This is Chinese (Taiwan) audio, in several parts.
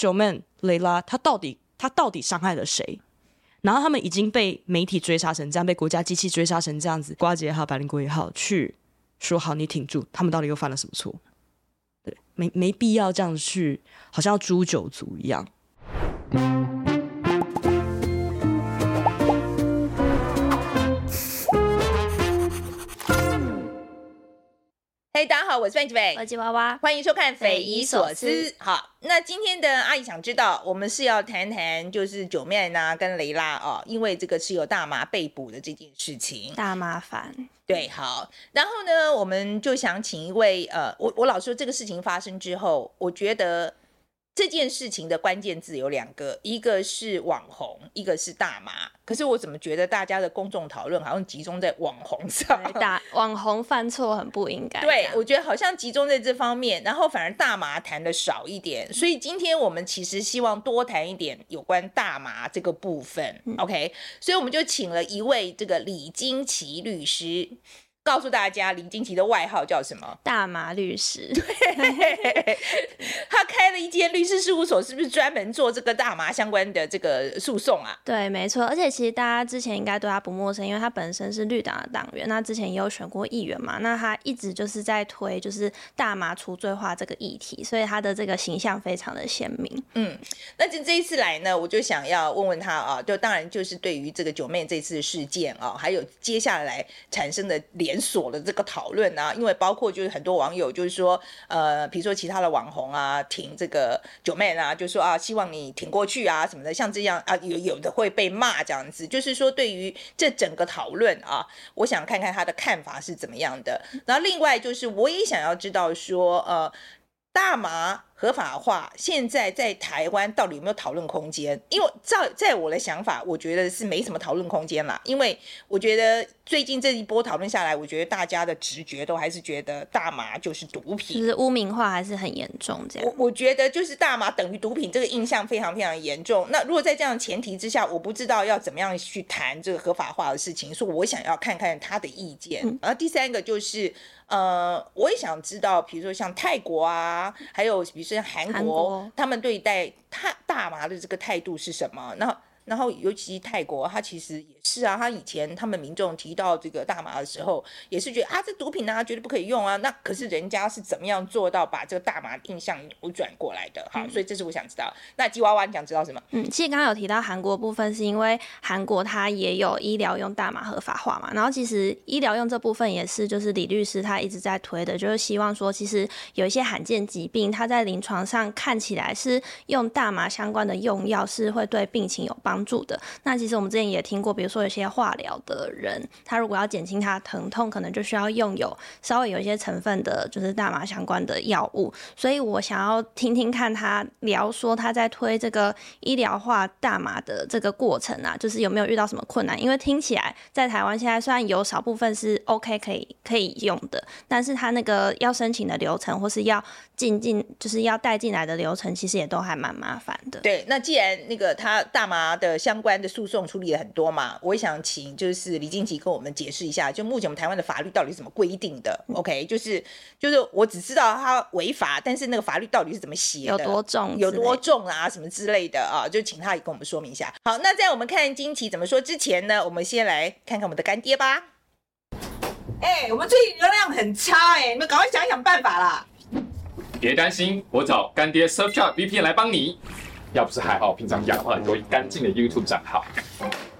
九 man 蕾拉，他到底他到底傷害了誰？然後他們已經被媒體追殺成這樣，被國家機器追殺成這樣子，呱吉也好，百靈果也好，去說好你挺住，他們到底又犯了什麼錯？對，沒沒必要這樣子去，好像要誅九族一樣。嗯 Hey, 大家好，我是范琪斐、吉哇哇，歡迎收看《斐姨所思》。思好，那今天的阿姨想知道，我們是要談談就是九面啊跟雷拉哦，因為這個持有大麻被捕的這件事情，大麻煩。對，好，然後呢，我們就想請一位呃，我我老說這個事情發生之後，我覺得。這件事情的關鍵字有兩個，一個是網紅，一個是大麻。可是我怎麼覺得大家的公眾討論好像集中在網紅上？大網紅犯錯很不應該。對，我覺得好像集中在這方面，然後反而大麻談的少一點。嗯、所以今天我們其實希望多談一點有關大麻這個部分。嗯、OK，所以我們就請了一位這個李菁琪律師。告訴大家，李菁琪的外號叫什麼？大麻律師。對， 他開了一間律師事務所，是不是專門做這個大麻相關的這個訴訟啊？對，沒錯。而且其實大家之前應該對他不陌生，因為他本身是綠黨的黨員，那之前也有選過議員嘛。那他一直就是在推就是大麻除罪化這個議題，所以他的這個形象非常的鮮明。嗯，那就這一次來呢，我就想要問問他啊，就當然就是對於這個九妹這次事件啊，還有接下來產生的連。連鎖的這個討論啊，因為包括就是很多網友就是說，呃，比如說其他的網紅啊，挺這個九妹啊，就說啊，希望你挺過去啊什麼的，像這樣啊，有有的會被罵這樣子，就是說對於這整個討論啊，我想看看他的看法是怎麼樣的。然後另外就是我也想要知道說，呃，大麻。合法化現在在台灣到底有沒有討論空間？因為在在我的想法，我覺得是沒什麼討論空間啦。因為我覺得最近這一波討論下來，我覺得大家的直覺都還是覺得大麻就是毒品，其實汙名化還是很嚴重。這樣我我覺得就是大麻等於毒品這個印象非常非常嚴重。那如果在這樣的前提之下，我不知道要怎麼樣去談這個合法化的事情。所以我想要看看他的意見。嗯。然後第三個就是呃，我也想知道，比如說像泰國啊，還有比如。像韓國，他們對待他大麻的這個態度是什麼？那。然後，尤其是泰國，他其實也是啊。他以前他們民眾提到這個大麻的時候，也是覺得啊，這毒品啊，絕對不可以用啊。那可是人家是怎麼樣做到把這個大麻印象扭轉過來的？哈、嗯，所以這是我想知道。那吉娃娃你想知道什麼？嗯，其實剛剛有提到韓國部分，是因為韓國它也有醫療用大麻合法化嘛。然後其實醫療用這部分也是，就是李律師他一直在推的，就是希望說，其實有一些罕見疾病，他在臨床上看起來是用大麻相關的用藥是會對病情有幫助。住的那其實我們之前也聽過，比如說有些化療的人，他如果要減輕他疼痛，可能就需要用有稍微有一些成分的，就是大麻相關的藥物。所以我想要聽聽看他聊說他在推這個醫療化大麻的這個過程啊，就是有沒有遇到什麼困難？因為聽起來在台灣現在雖然有少部分是 OK 可以可以用的，但是他那個要申請的流程或是要進進就是要帶進來的流程，其實也都還蠻麻煩的。對，那既然那個他大麻的。呃，相關的訴訟處理了很多嘛，我也想請就是李菁琪跟我們解釋一下，就目前我們台灣的法律到底是怎麼規定的 ？OK，就是就是我只知道他違法，但是那個法律到底是怎麼寫的？有多重？有多重啊？什麼之類的啊？就請他也跟我們說明一下。好，那在我們看菁琪怎麼說之前呢，我們先來看看我們的乾爹吧。哎、欸，我們最近流量很差哎、欸，你們趕快想想辦法啦。別擔心，我找乾爹 Surfshark VPN 來幫你。要不是還好，平常養了很多乾淨的 YouTube 賬號。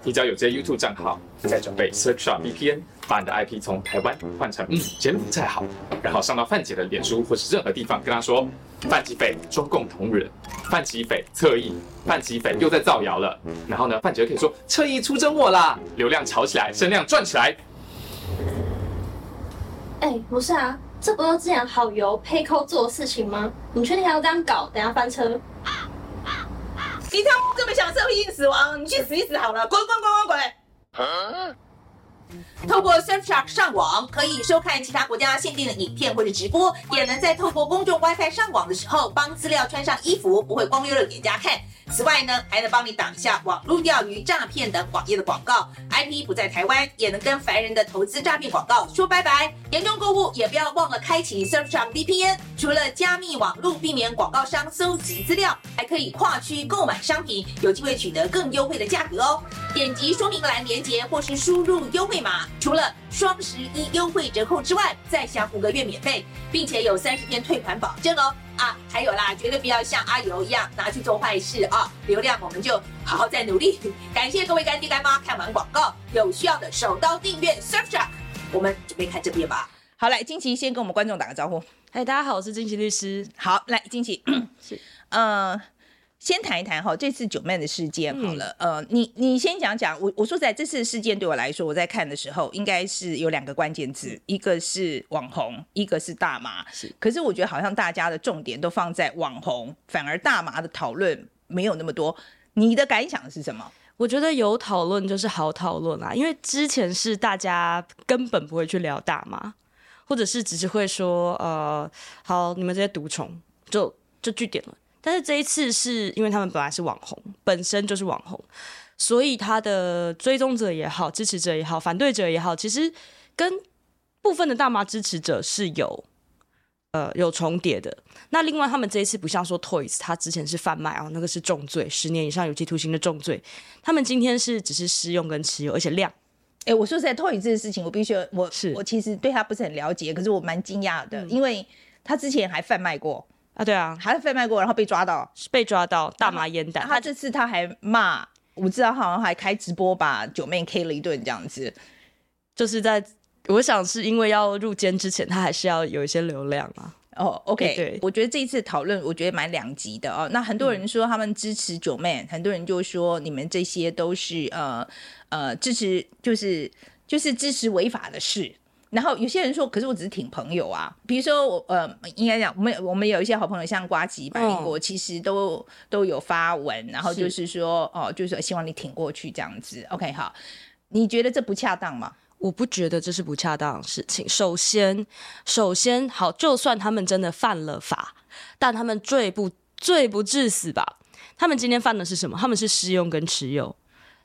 你只要有這些 YouTube 賬號，再準備 Surfshark VPN，把你的 IP 從台灣換成嗯柬埔寨，好，然後上到范姐的臉書或是任何地方，跟他說范琪斐中共同人，范琪斐側翼，范琪斐又在造謠了。然後呢，范姐就可以說側翼出征我啦，流量炒起來，聲量賺起來。哎、欸，不是啊，這不都之前好油配扣做的事情嗎？你確定還要這樣搞？等下翻車。你他媽這麼想，社會性死亡，你去死一死好了，滾滾滾滾滾！透過 Surfshark 上網，可以收看其他國家限定的影片或者直播，也能在透過公眾 WiFi 上網的時候，幫資料穿上衣服，不會光溜溜給人家看。此外呢，還能幫你擋一下網路釣魚、詐騙等網頁的廣告。IP 不在台灣，也能跟煩人的投資詐騙廣告說拜拜。嚴重購物，也不要忘了開啟 Surfshark VPN。除了加密網路，避免廣告商搜集資料，還可以跨區購買商品，有機會取得更優惠的價格哦。點擊說明欄連結，或是輸入優惠。除了雙十一優惠折扣之外，再享五個月免費，並且有三十天退款保證哦！啊，還有啦，絕對不要像阿尤一樣拿去做壞事啊！流量我們就好好再努力。感謝各位乾爹乾媽看完廣告，有需要的手刀訂閱 Surfshark。我們準備看這邊吧。好嘞，菁琪先跟我們觀眾打個招呼。嗨，大家好，我是菁琪律師。好，來，菁琪嗯。 是呃先談一談哈，這次九妹的事件好了，嗯、呃，你你先講講我。我說在這次事件對我來說，我在看的時候，應該是有兩個關鍵字，嗯、一個是網紅，一個是大麻。是，可是我覺得好像大家的重點都放在網紅，反而大麻的討論沒有那麼多。你的感想是什麼？我覺得有討論就是好討論啦，因為之前是大家根本不會去聊大麻，或者是只是會說呃，好，你們這些毒蟲就就據點了。但是這一次是因為他們本來是網紅，本身就是網紅，所以他的追蹤者也好、支持者也好、反對者也好，其實跟部分的大麻支持者是有呃有重疊的。那另外他們這一次不像說 Toys，他之前是販賣啊，那個是重罪，十年以上有期徒刑的重罪。他們今天是只是施用跟持有，而且量。哎、欸，我說實在，Toys 這件事情我，我必須我是我其實對他不是很了解，可是我蠻驚訝的，嗯、因為他之前還販賣過。啊，對啊，還是販賣過，然後被抓到，被抓到大麻煙彈、啊。他這次他還罵，我不知道他好像還開直播把九妹 K 了一頓，這樣子。就是在，我想是因為要入監之前，他還是要有一些流量啊。哦、oh, OK，對，對，對，我覺得這一次討論，我覺得蠻兩極的哦。Uh, 那很多人說他們支持九妹、嗯，很多人就說你們這些都是呃呃支持，就是就是支持違法的事。然後有些人說，可是我只是挺朋友啊。比如說我呃，應該講我們我們有一些好朋友，像呱吉、百靈果其實都都有發文，然後就是說是哦，就是希望你挺過去這樣子。OK，好，你覺得這不恰當嗎？我不覺得這是不恰當的事情。首先，首先好，就算他們真的犯了法，但他們罪不罪不致死吧？他們今天犯的是什麼？他們是施用跟持有，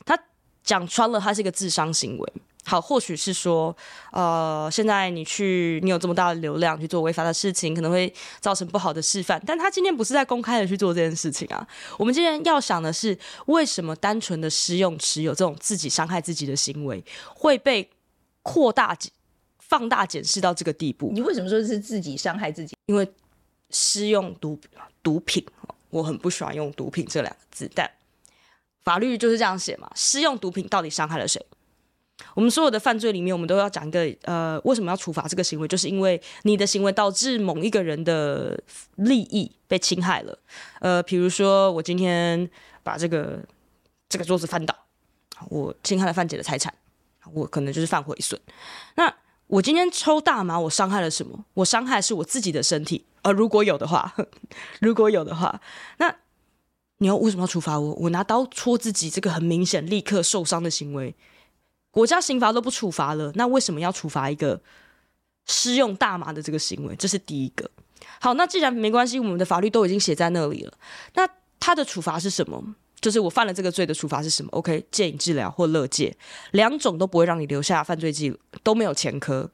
他講穿了，他是一個自傷行為。好，或許是說，呃，現在你去，你有這麼大的流量去做違法的事情，可能會造成不好的示範。但他今天不是在公開的去做這件事情啊。我們今天要想的是，為什麼單純的施用持有這種自己傷害自己的行為會被擴大、放大、檢視到這個地步？你為什麼說是自己傷害自己？因為施用毒毒品，我很不喜歡用“毒品”這兩個字，但法律就是這樣寫嘛。施用毒品到底傷害了誰？我們所有的犯罪裡面，我們都要講一個呃，為什麼要處罰這個行為？就是因為你的行為導致某一個人的利益被侵害了。呃，比如說我今天把這個這個桌子翻倒，我侵害了范姐的財產，我可能就是犯毀損。那我今天抽大麻，我傷害了什麼？我傷害是我自己的身體，呃，如果有的話，呵呵，如果有的話，那你要為什麼要處罰我？我拿刀戳自己，這個很明顯立刻受傷的行為。國家刑法都不處罰了，那為什麼要處罰一個施用大麻的這個行為？這是第一個。好，那既然沒關係，我們的法律都已經寫在那裡了，那他的處罰是什麼？就是我犯了這個罪的處罰是什麼？OK，戒癮治療或勒戒，兩種都不會讓你留下犯罪記錄，都沒有前科。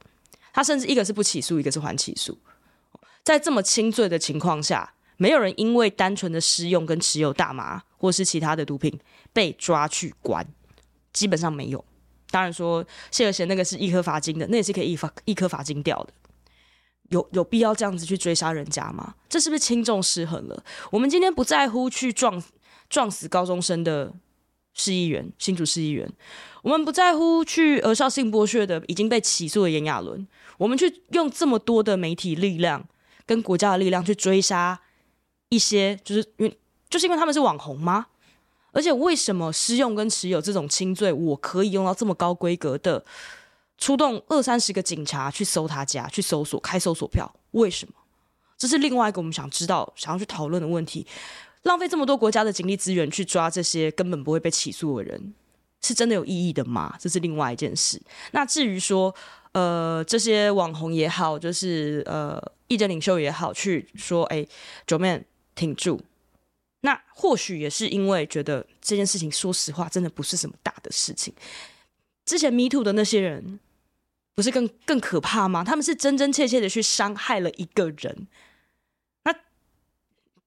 他甚至一個是不起訴，一個是緩起訴。在這麼輕罪的情況下，沒有人因為單純的施用跟持有大麻或是其他的毒品被抓去關，基本上沒有。當然說，謝和弦那個是易科罰金的，那也是可以易罰易科罰金掉的。有有必要這樣子去追殺人家嗎？這是不是輕重失衡了？我們今天不在乎去撞撞死高中生的市議員、新竹市議員，我們不在乎去兒少性剝削的已經被起訴的炎亞綸，我們去用這麼多的媒體力量跟國家的力量去追殺一些，就是因為就是因為他們是網紅嗎？而且為什麼施用跟持有這種輕罪，我可以用到這麼高規格的出動二三十個警察去搜他家去搜索開搜索票？為什麼？這是另外一個我們想知道、想要去討論的問題。浪費這麼多國家的警力資源去抓這些根本不會被起訴的人，是真的有意義的嗎？這是另外一件事。那至於說，呃，這些網紅也好，就是呃，意見領袖也好，去說，哎、欸，Joeman 挺住。那或許也是因為覺得這件事情，說實話，真的不是什麼大的事情。之前 Me Too 的那些人，不是更更可怕嗎？他們是真真切切的去傷害了一個人。那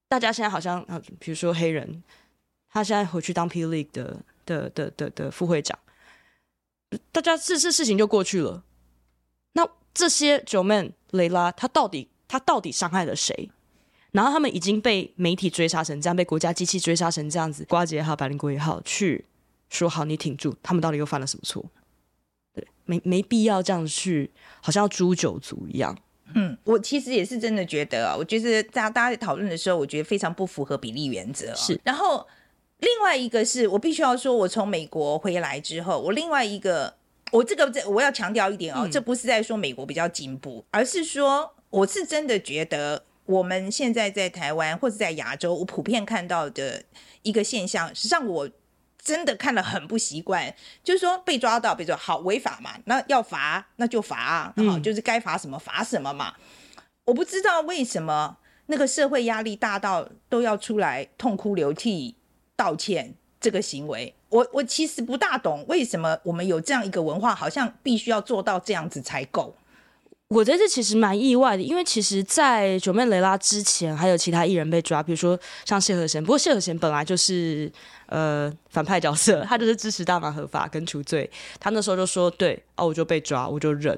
大家現在好像，啊，比如說黑人，他現在回去當 P. League 的的的的的副會長，大家這事事情就過去了。那這些 Joeman 雷拉，他到底他到底傷害了誰？然後他們已經被媒體追殺成這樣，被國家機器追殺成這樣子，瓜姐也好，百靈果也好，去說好你挺住，他們到底又犯了什麼錯？對，沒沒必要這樣去，好像要誅九族一樣。嗯，我其實也是真的覺得啊，我覺得大家大家在討論的時候，我覺得非常不符合比例原則。是，然後另外一個是我必須要說，我從美國回來之後，我另外一個，我這個我要強調一點哦，嗯、這不是在說美國比較進步，而是說我是真的覺得。我們現在在台灣或者在亞洲，我普遍看到的一個現象，實際上我真的看了很不習慣，就是說被抓到，比如說好違法嘛，那要罰那就罰，啊，然後就是該罰什麼罰什麼嘛。嗯、我不知道為什麼那個社會壓力大到都要出來痛哭流涕道歉這個行為，我我其實不大懂為什麼我們有這樣一個文化，好像必須要做到這樣子才夠。我覺得這其實蠻意外的，因為其實在，在九妹蕾拉之前，還有其他藝人被抓，比如說像謝和弦。不過謝和弦本來就是呃反派角色，他就是支持大麻合法跟除罪。他那時候就說：“對哦，我就被抓，我就忍。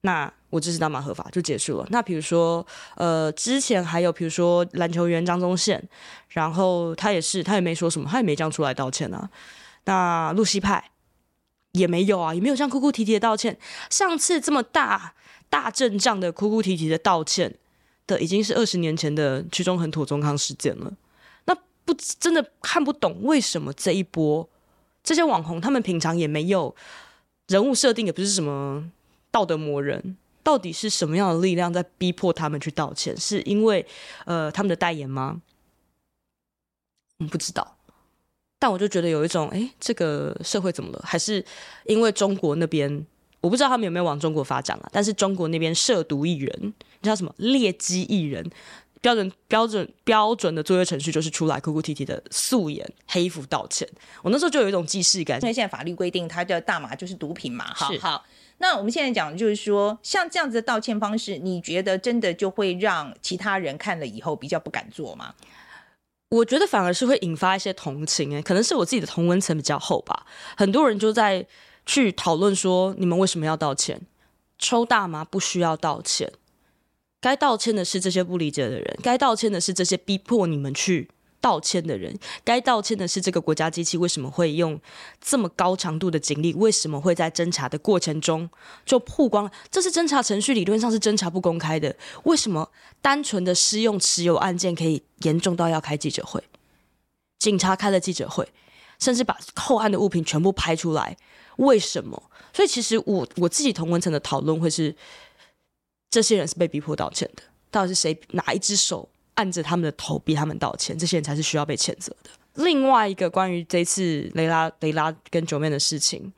那我支持大麻合法就結束了。”那比如說呃之前還有比如說籃球員張宗憲，然後他也是，他也沒說什麼，他也沒這樣出來道歉啊。那鹿希派也沒有啊，也沒有像哭哭啼啼、啼的道歉。上次這麼大。大陣仗的哭哭啼啼的道歉的，已經是二十年前的屈中恆、庹宗康事件了。那不真的看不懂為什麼這一波這些網紅，他們平常也沒有人物設定，也不是什麼道德魔人，到底是什麼樣的力量在逼迫他們去道歉？是因為呃他們的代言嗎？我、嗯、不知道。但我就覺得有一種，哎、欸，這個社會怎麼了？還是因為中國那邊？我不知道他們有沒有往中國發展了、啊，但是中國那邊涉毒藝人，你叫什麼劣跡藝人？標準、標準、標準的作業程序就是出來哭哭啼啼的素顏黑服道歉。我那時候就有一種既視感，因為現在法律規定他的大麻就是毒品嘛。哈，是好，那我們現在講的就是說，像這樣子的道歉方式，你覺得真的就會讓其他人看了以後比較不敢做嗎？我覺得反而是會引發一些同情哎、欸，可能是我自己的同溫層比較厚吧。很多人就在，去討論說，你們為什麼要道歉？抽大麻不需要道歉，該道歉的是這些不理解的人，該道歉的是這些逼迫你們去道歉的人，該道歉的是這個國家機器為什麼會用這麼高強度的警力？為什麼會在偵查的過程中就曝光？這是偵查程序，理論上是偵查不公開的，為什麼單純的施用持有案件可以嚴重到要開記者會？警察開了記者會，甚至把扣案的物品全部拍出來。為什麼？所以其實我我自己同文層的討論會是，這些人是被逼迫道歉的，到底是誰？哪一只手按着他們的頭逼他們道歉？這些人才是需要被譴責的。另外一個關於這次雷拉雷拉跟九面、erm、的事情，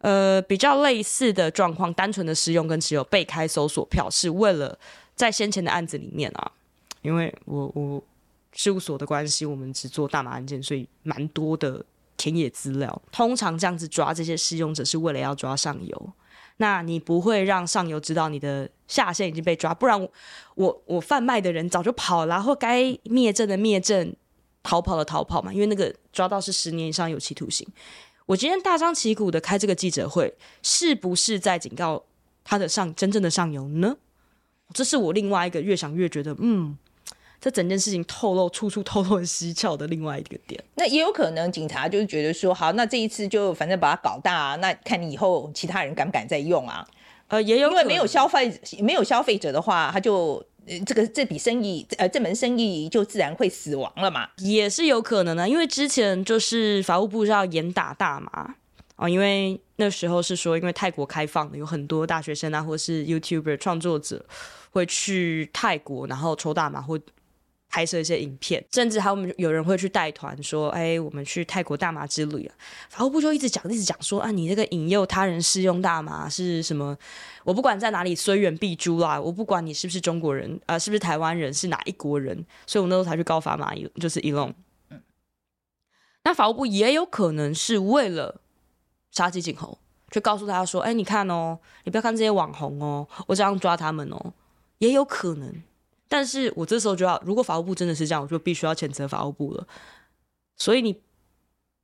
呃，比較類似的狀況，單純的使用跟持有被開搜索票，是為了在先前的案子裡面啊，因為我我事務所的關係，我們只做大麻案件，所以蠻多的。田野資料通常這樣子抓這些施用者是為了要抓上游，那你不會讓上游知道你的下線已經被抓，不然我我販賣的人早就跑了，或該滅證的滅證，逃跑的逃跑嘛。因為那個抓到是十年以上有期徒刑。我今天大張旗鼓的開這個記者會，是不是在警告他的上真正的上游呢？這是我另外一個越想越覺得嗯。這整件事情透露處處透露很蹊蹺的另外一個點。那也有可能警察就是覺得說，好，那這一次就反正把它搞大啊，那看你以後其他人敢不敢再用啊？呃，也有因為沒有消費，沒有消費者的話，他就、呃、這個這筆生意，呃，這門生意就自然會死亡了嘛，也是有可能的、啊。因為之前就是法務部是要嚴打大麻啊、哦，因為那時候是說，因為泰國開放，有很多大學生啊，或是 YouTuber 創作者會去泰國然後抽大麻或。拍攝一些影片，甚至他們有人會去帶團說：“哎、欸，我們去泰國大麻之旅啊！”法務部就一直講，一直講說：“啊，你這個引誘他人施用大麻是什麼？我不管在哪裡，雖遠必誅啦、啊！我不管你是不是中國人啊、呃，是不是台灣人，是哪一國人？”所以，我那時候才去告法馬，就是 Elon。嗯、那法務部也有可能是為了殺雞儆猴，就告訴大家說：“哎、欸，你看哦，你不要看這些網紅哦，我這樣抓他們哦，也有可能。”但是我這時候就要，如果法務部真的是這樣，我就必須要譴責法務部了。所以你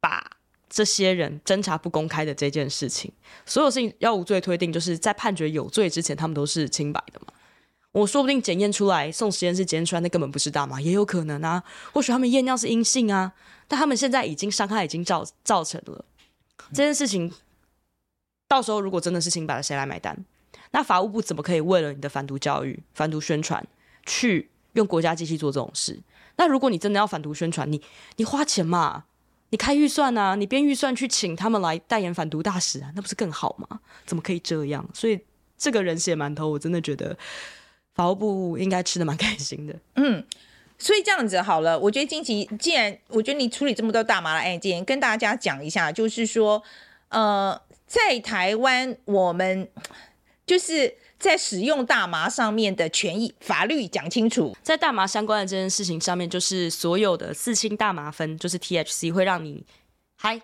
把這些人偵查不公開的這件事情，所有事情要無罪推定，就是在判決有罪之前，他們都是清白的嘛。我說不定檢驗出來送實驗室檢驗出來那根本不是大麻，也有可能啊。或許他們驗尿是陰性啊，但他們現在已經傷害已經造造成了這件事情。到時候如果真的是清白了，誰來買單？那法務部怎麼可以為了你的反毒教育、反毒宣傳？去用國家機器做這種事，那如果你真的要反毒宣傳，你你花錢嘛，你開預算啊，你編預算去請他們來代言反毒大使啊，那不是更好嗎？怎麼可以這樣？所以這個人血饅頭，我真的覺得法務部應該吃得蠻開心的。嗯，所以這樣子好了，我覺得菁琪，既然我覺得你處理這麼多大麻的案件，跟大家講一下，就是說，呃，在台灣我們就是。在使用大麻上面的權益法律講清楚，在大麻相關的這件事情上面，就是所有的四氫大麻酚就是 THC，會讓你嗨，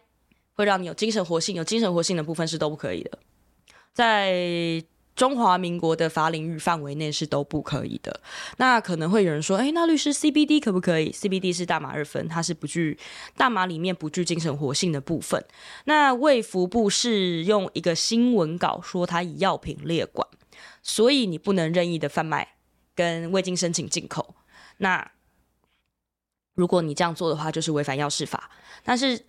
會讓你有精神活性，有精神活性的部分是都不可以的，在中華民國的法領域範圍內是都不可以的。那可能會有人說，誒、欸，那律師 CBD 可不可以？CBD 是大麻二酚，它是不具大麻裡面不具精神活性的部分。那衛福部是用一個新聞稿說，他以藥品列管。所以你不能任意的販賣跟未經申請進口。那如果你這樣做的話，就是違反藥事法。但是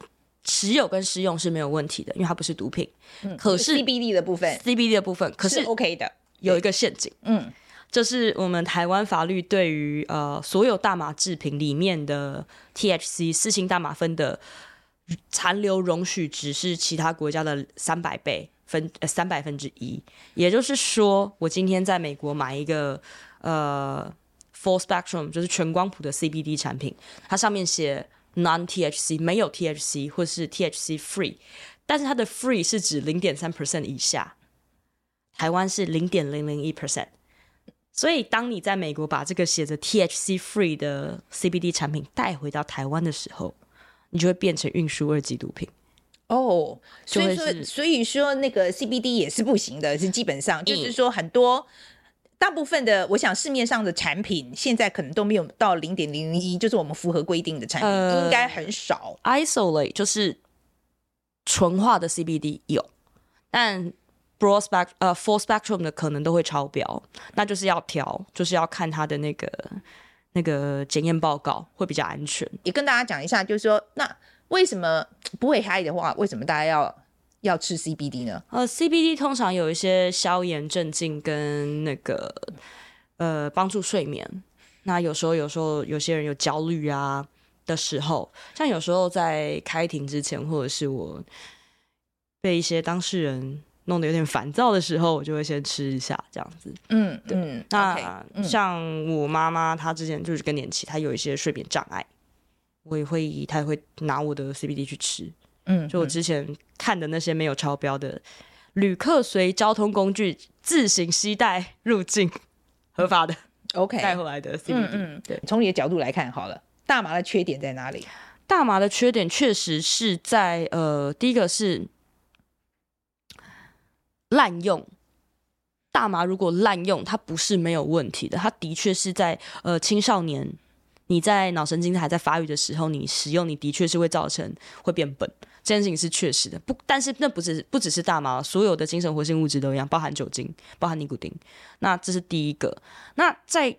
持有跟使用是沒有問題的，因為它不是毒品。嗯、可是，是 CBD 的部分，CBD 的部分可是 OK 的。有一個陷阱，嗯、OK，就是我們台灣法律對於呃所有大麻制品裡面的 THC 四氫大麻酚的殘留容許值是其他國家的三百倍。分、呃、三百分之一，也就是說，我今天在美國買一個呃，full spectrum 就是全光譜的 CBD 產品，它上面寫 non THC 沒有 THC 或是 THC free，但是它的 free 是指零點三 percent 以下，台灣是零點零零一 percent，所以當你在美國把這個寫着 THC free 的 CBD 產品帶回到台灣的時候，你就會變成運輸二級毒品。哦，oh, 所以說，所以說那個 CBD 也是不行的，是基本上就是說很多大部分的，我想市面上的產品現在可能都沒有到零點零零一，就是我們符合規定的產品、呃、應該很少。Isolate 就是純化的 CBD 有，但 Broad Spec 呃 Full Spectrum 的可能都會超標，那就是要調，就是要看它的那個那個檢驗報告會比較安全。也跟大家講一下，就是說那為什麼？不會嗨的話，為什麼大家要要吃 CBD 呢？呃、uh,，CBD 通常有一些消炎鎮靜跟那個呃幫助睡眠。那有時候有時候有些人有焦慮啊的時候，像有時候在開庭之前，或者是我被一些當事人弄得有點煩躁的時候，我就會先吃一下這樣子。嗯，對。嗯、那 okay, 像我媽媽，嗯、她之前就是更年期，她有一些睡眠障礙。我也會以他會拿我的 CBD 去吃，嗯，就我之前看的那些沒有超標的旅客隨交通工具自行攜帶入境合法的，OK 帶回來的 CBD。嗯，嗯，對，從你的角度來看，好了，大麻的缺點在哪裡？大麻的缺點確實是在呃，第一個是濫用，大麻如果濫用，它不是沒有問題的，它的確是在呃青少年。你在腦神經還在發育的時候，你使用你的確是會造成會變笨，這件事情是確實的。不，但是那不是不只是大麻，所有的精神活性物質都一樣，包含酒精，包含尼古丁。那這是第一個。那在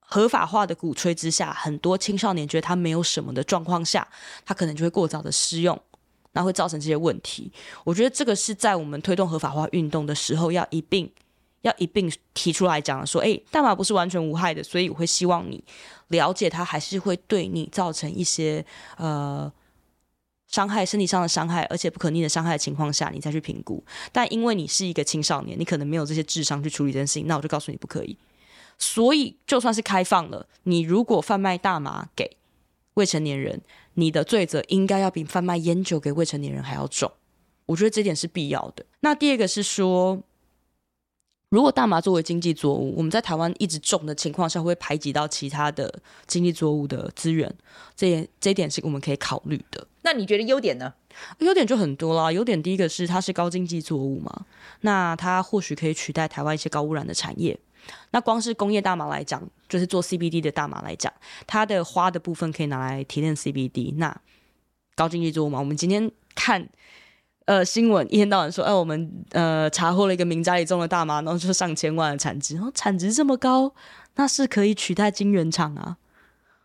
合法化的鼓吹之下，很多青少年覺得它沒有什麼的狀況下，他可能就會過早的施用，那會造成這些問題。我覺得這個是在我們推動合法化運動的時候要一併。要一併提出來講，說，誒、欸，大麻不是完全無害的，所以我會希望你了解它，還是會對你造成一些呃傷害，身體上的傷害，而且不可逆的傷害的情況下，你再去評估。但因為你是一個青少年，你可能沒有這些智商去處理這件事情，那我就告訴你不可以。所以，就算是開放了，你如果販賣大麻給未成年人，你的罪責應該要比販賣菸酒給未成年人還要重。我覺得這點是必要的。那第二個是說。如果大麻作為經濟作物，我們在台灣一直種的情況下，會排擠到其他的經濟作物的資源，這也這一點是我們可以考慮的。那你覺得優點呢？優點就很多啦。優點第一個是它是高經濟作物嘛，那它或許可以取代台灣一些高污染的產業。那光是工業大麻來講，就是做 CBD 的大麻來講，它的花的部分可以拿來提煉 CBD。那高經濟作物嘛，我們今天看。呃，新聞一天到晚說，哎、呃，我們呃查獲了一個民宅裡種了大麻，然後就上千萬的產值，然、哦、後產值這麼高，那是可以取代金元廠啊？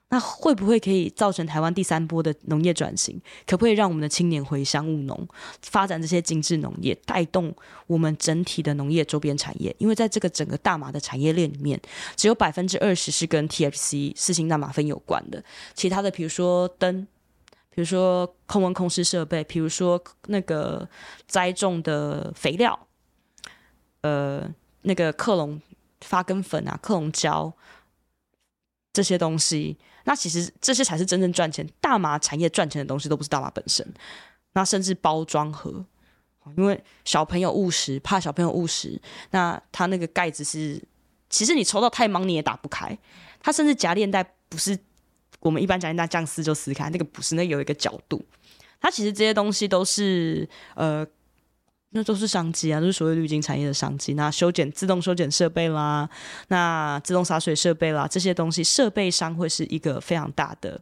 那會不會可以造成台灣第三波的農業轉型？可不可以讓我們的青年回鄉務農，發展這些精緻農業，帶動我們整體的農業周邊產業？因為在這個整個大麻的產業鏈裡面，只有百分之二十是跟 THC 四氫大麻酚有關的，其他的比如說燈。比如說控溫控濕設備，比如說那個栽種的肥料，呃，那個克隆發根粉啊，克隆膠這些東西，那其實這些才是真正賺錢，大麻產業賺錢的東西，都不是大麻本身。那甚至包裝盒，因為小朋友誤食，怕小朋友誤食，那他那個蓋子是，其實你抽到太忙你也打不開，它甚至夾鏈袋不是。我們一般講，那這樣撕就撕開，那個不是那個，有一個角度。它其實這些東西都是呃，那都是商機啊，就是所謂綠金產業的商機。那修剪自動修剪設備啦，那自動灑水設備啦，這些東西設備商會是一個非常大的，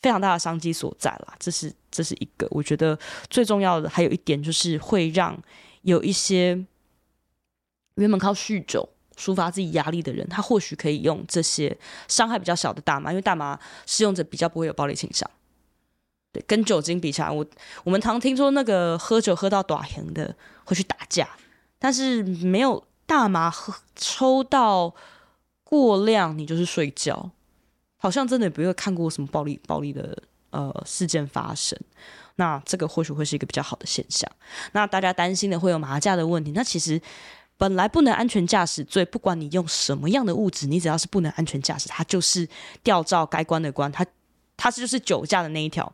非常大的商機所在啦。這是這是一個，我覺得最重要的還有一點就是會讓有一些原本靠酗酒，抒發自己壓力的人，他或許可以用這些傷害比較小的大麻，因為大麻使用者比較不會有暴力傾向。對，跟酒精比起來，我我們常聽說那個喝酒喝到短行的會去打架，但是沒有大麻喝抽到過量，你就是睡覺，好像真的也不會看過什麼暴力暴力的呃事件發生。那這個或許會是一個比較好的現象。那大家擔心的會有麻駕的問題，那其實。本來不能安全駕駛罪，不管你用什麼樣的物質，你只要是不能安全駕駛，它就是吊照，該關的關，它它就是酒駕的那一條。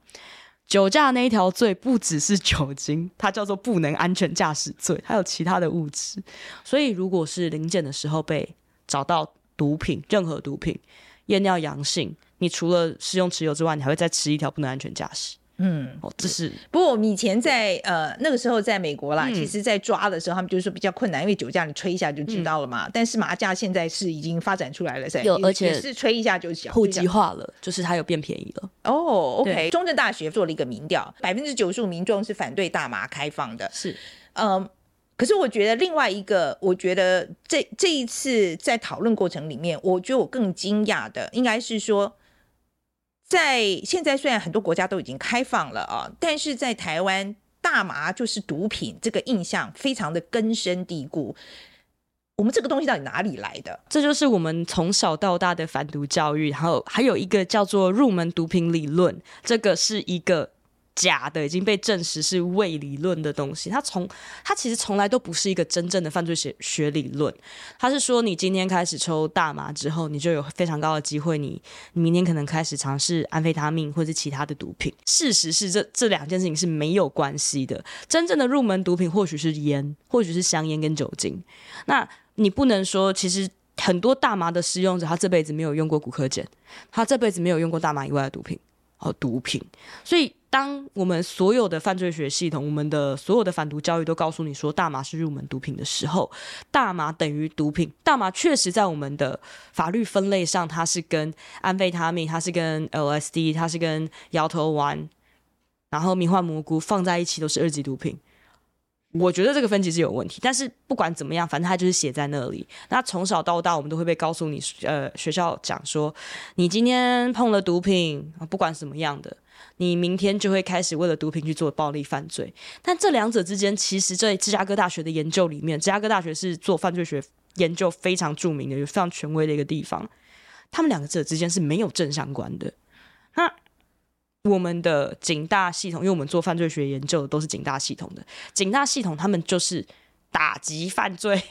酒駕那一條罪不只是酒精，它叫做不能安全駕駛罪，還有其他的物質。所以，如果是臨檢的時候被找到毒品，任何毒品驗尿陽性，你除了施用持有之外，你還會再吃一條不能安全駕駛。嗯，這是。不過我們以前在呃那個時候在美國啦，其實在抓的時候，他們就是說比較困難，因為酒駕你吹一下就知道了嘛。但是麻駕現在是已經發展出來了噻，有而且是吹一下就行。普及化了，就是它又變便宜了。哦，OK，中正大學做了一個民調，百分之九十五民眾是反對大麻開放的。是，嗯，可是我覺得另外一個，我覺得這這一次在討論過程裡面，我覺得我更驚訝的應該是說。在現在雖然很多國家都已經開放了啊，但是在台灣大麻就是毒品這個印象非常的根深蒂固。我們這個東西到底哪裡來的？這就是我們從小到大的反毒教育，然後還有一個叫做入門毒品理論，這個是一個。假的已經被證實是偽理論的東西。他從它其實從來都不是一個真正的犯罪學學理論。他是說，你今天開始抽大麻之後，你就有非常高的機會你，你你明天可能開始嘗試安非他命或者是其他的毒品。事實是這這兩件事情是沒有關係的。真正的入門毒品或許是菸，或許是香菸跟酒精。那你不能說，其實很多大麻的使用者，他這輩子沒有用過古柯鹼，他這輩子沒有用過大麻以外的毒品。哦，毒品。所以，當我們所有的犯罪學系統、我們的所有的反毒教育都告訴你說大麻是入門毒品的時候，大麻等於毒品。大麻確實在我們的法律分類上，它是跟安非他命、它是跟 LSD、它是跟搖頭丸，然後迷幻蘑菇放在一起都是二級毒品。我覺得這個分級是有問題，但是不管怎麼樣，反正它就是寫在那裡。那從小到大，我們都會被告訴你，呃，學校講說，你今天碰了毒品，不管什麼樣的，你明天就會開始為了毒品去做暴力犯罪。但這兩者之間，其實在芝加哥大學的研究裡面，芝加哥大學是做犯罪學研究非常著名的，有非常權威的一個地方，他們兩個者之間是沒有正相關的。那我們的警大系統，因為我們做犯罪學研究的都是警大系統的，警大系統他們就是打擊犯罪，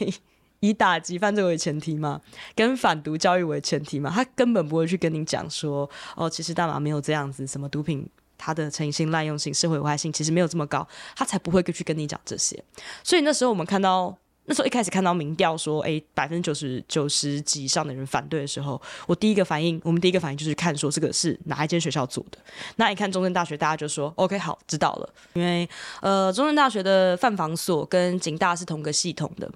以打擊犯罪為前提嘛，跟反毒教育為前提嘛，他根本不會去跟你講說，哦，其實大麻沒有這樣子，什麼毒品它的成癮性、濫用性、社會危害性其實沒有這麼高，他才不會去跟你講這些。所以那時候我們看到。那時候一開始看到民調說，哎、欸，百分之九十九十幾以上的人反對的時候，我第一個反應，我們第一個反應就是看說這個是哪一間學校做的。那一看中正大學，大家就說 OK，好，知道了，因為呃中正大學的犯防所跟警大是同個系統的，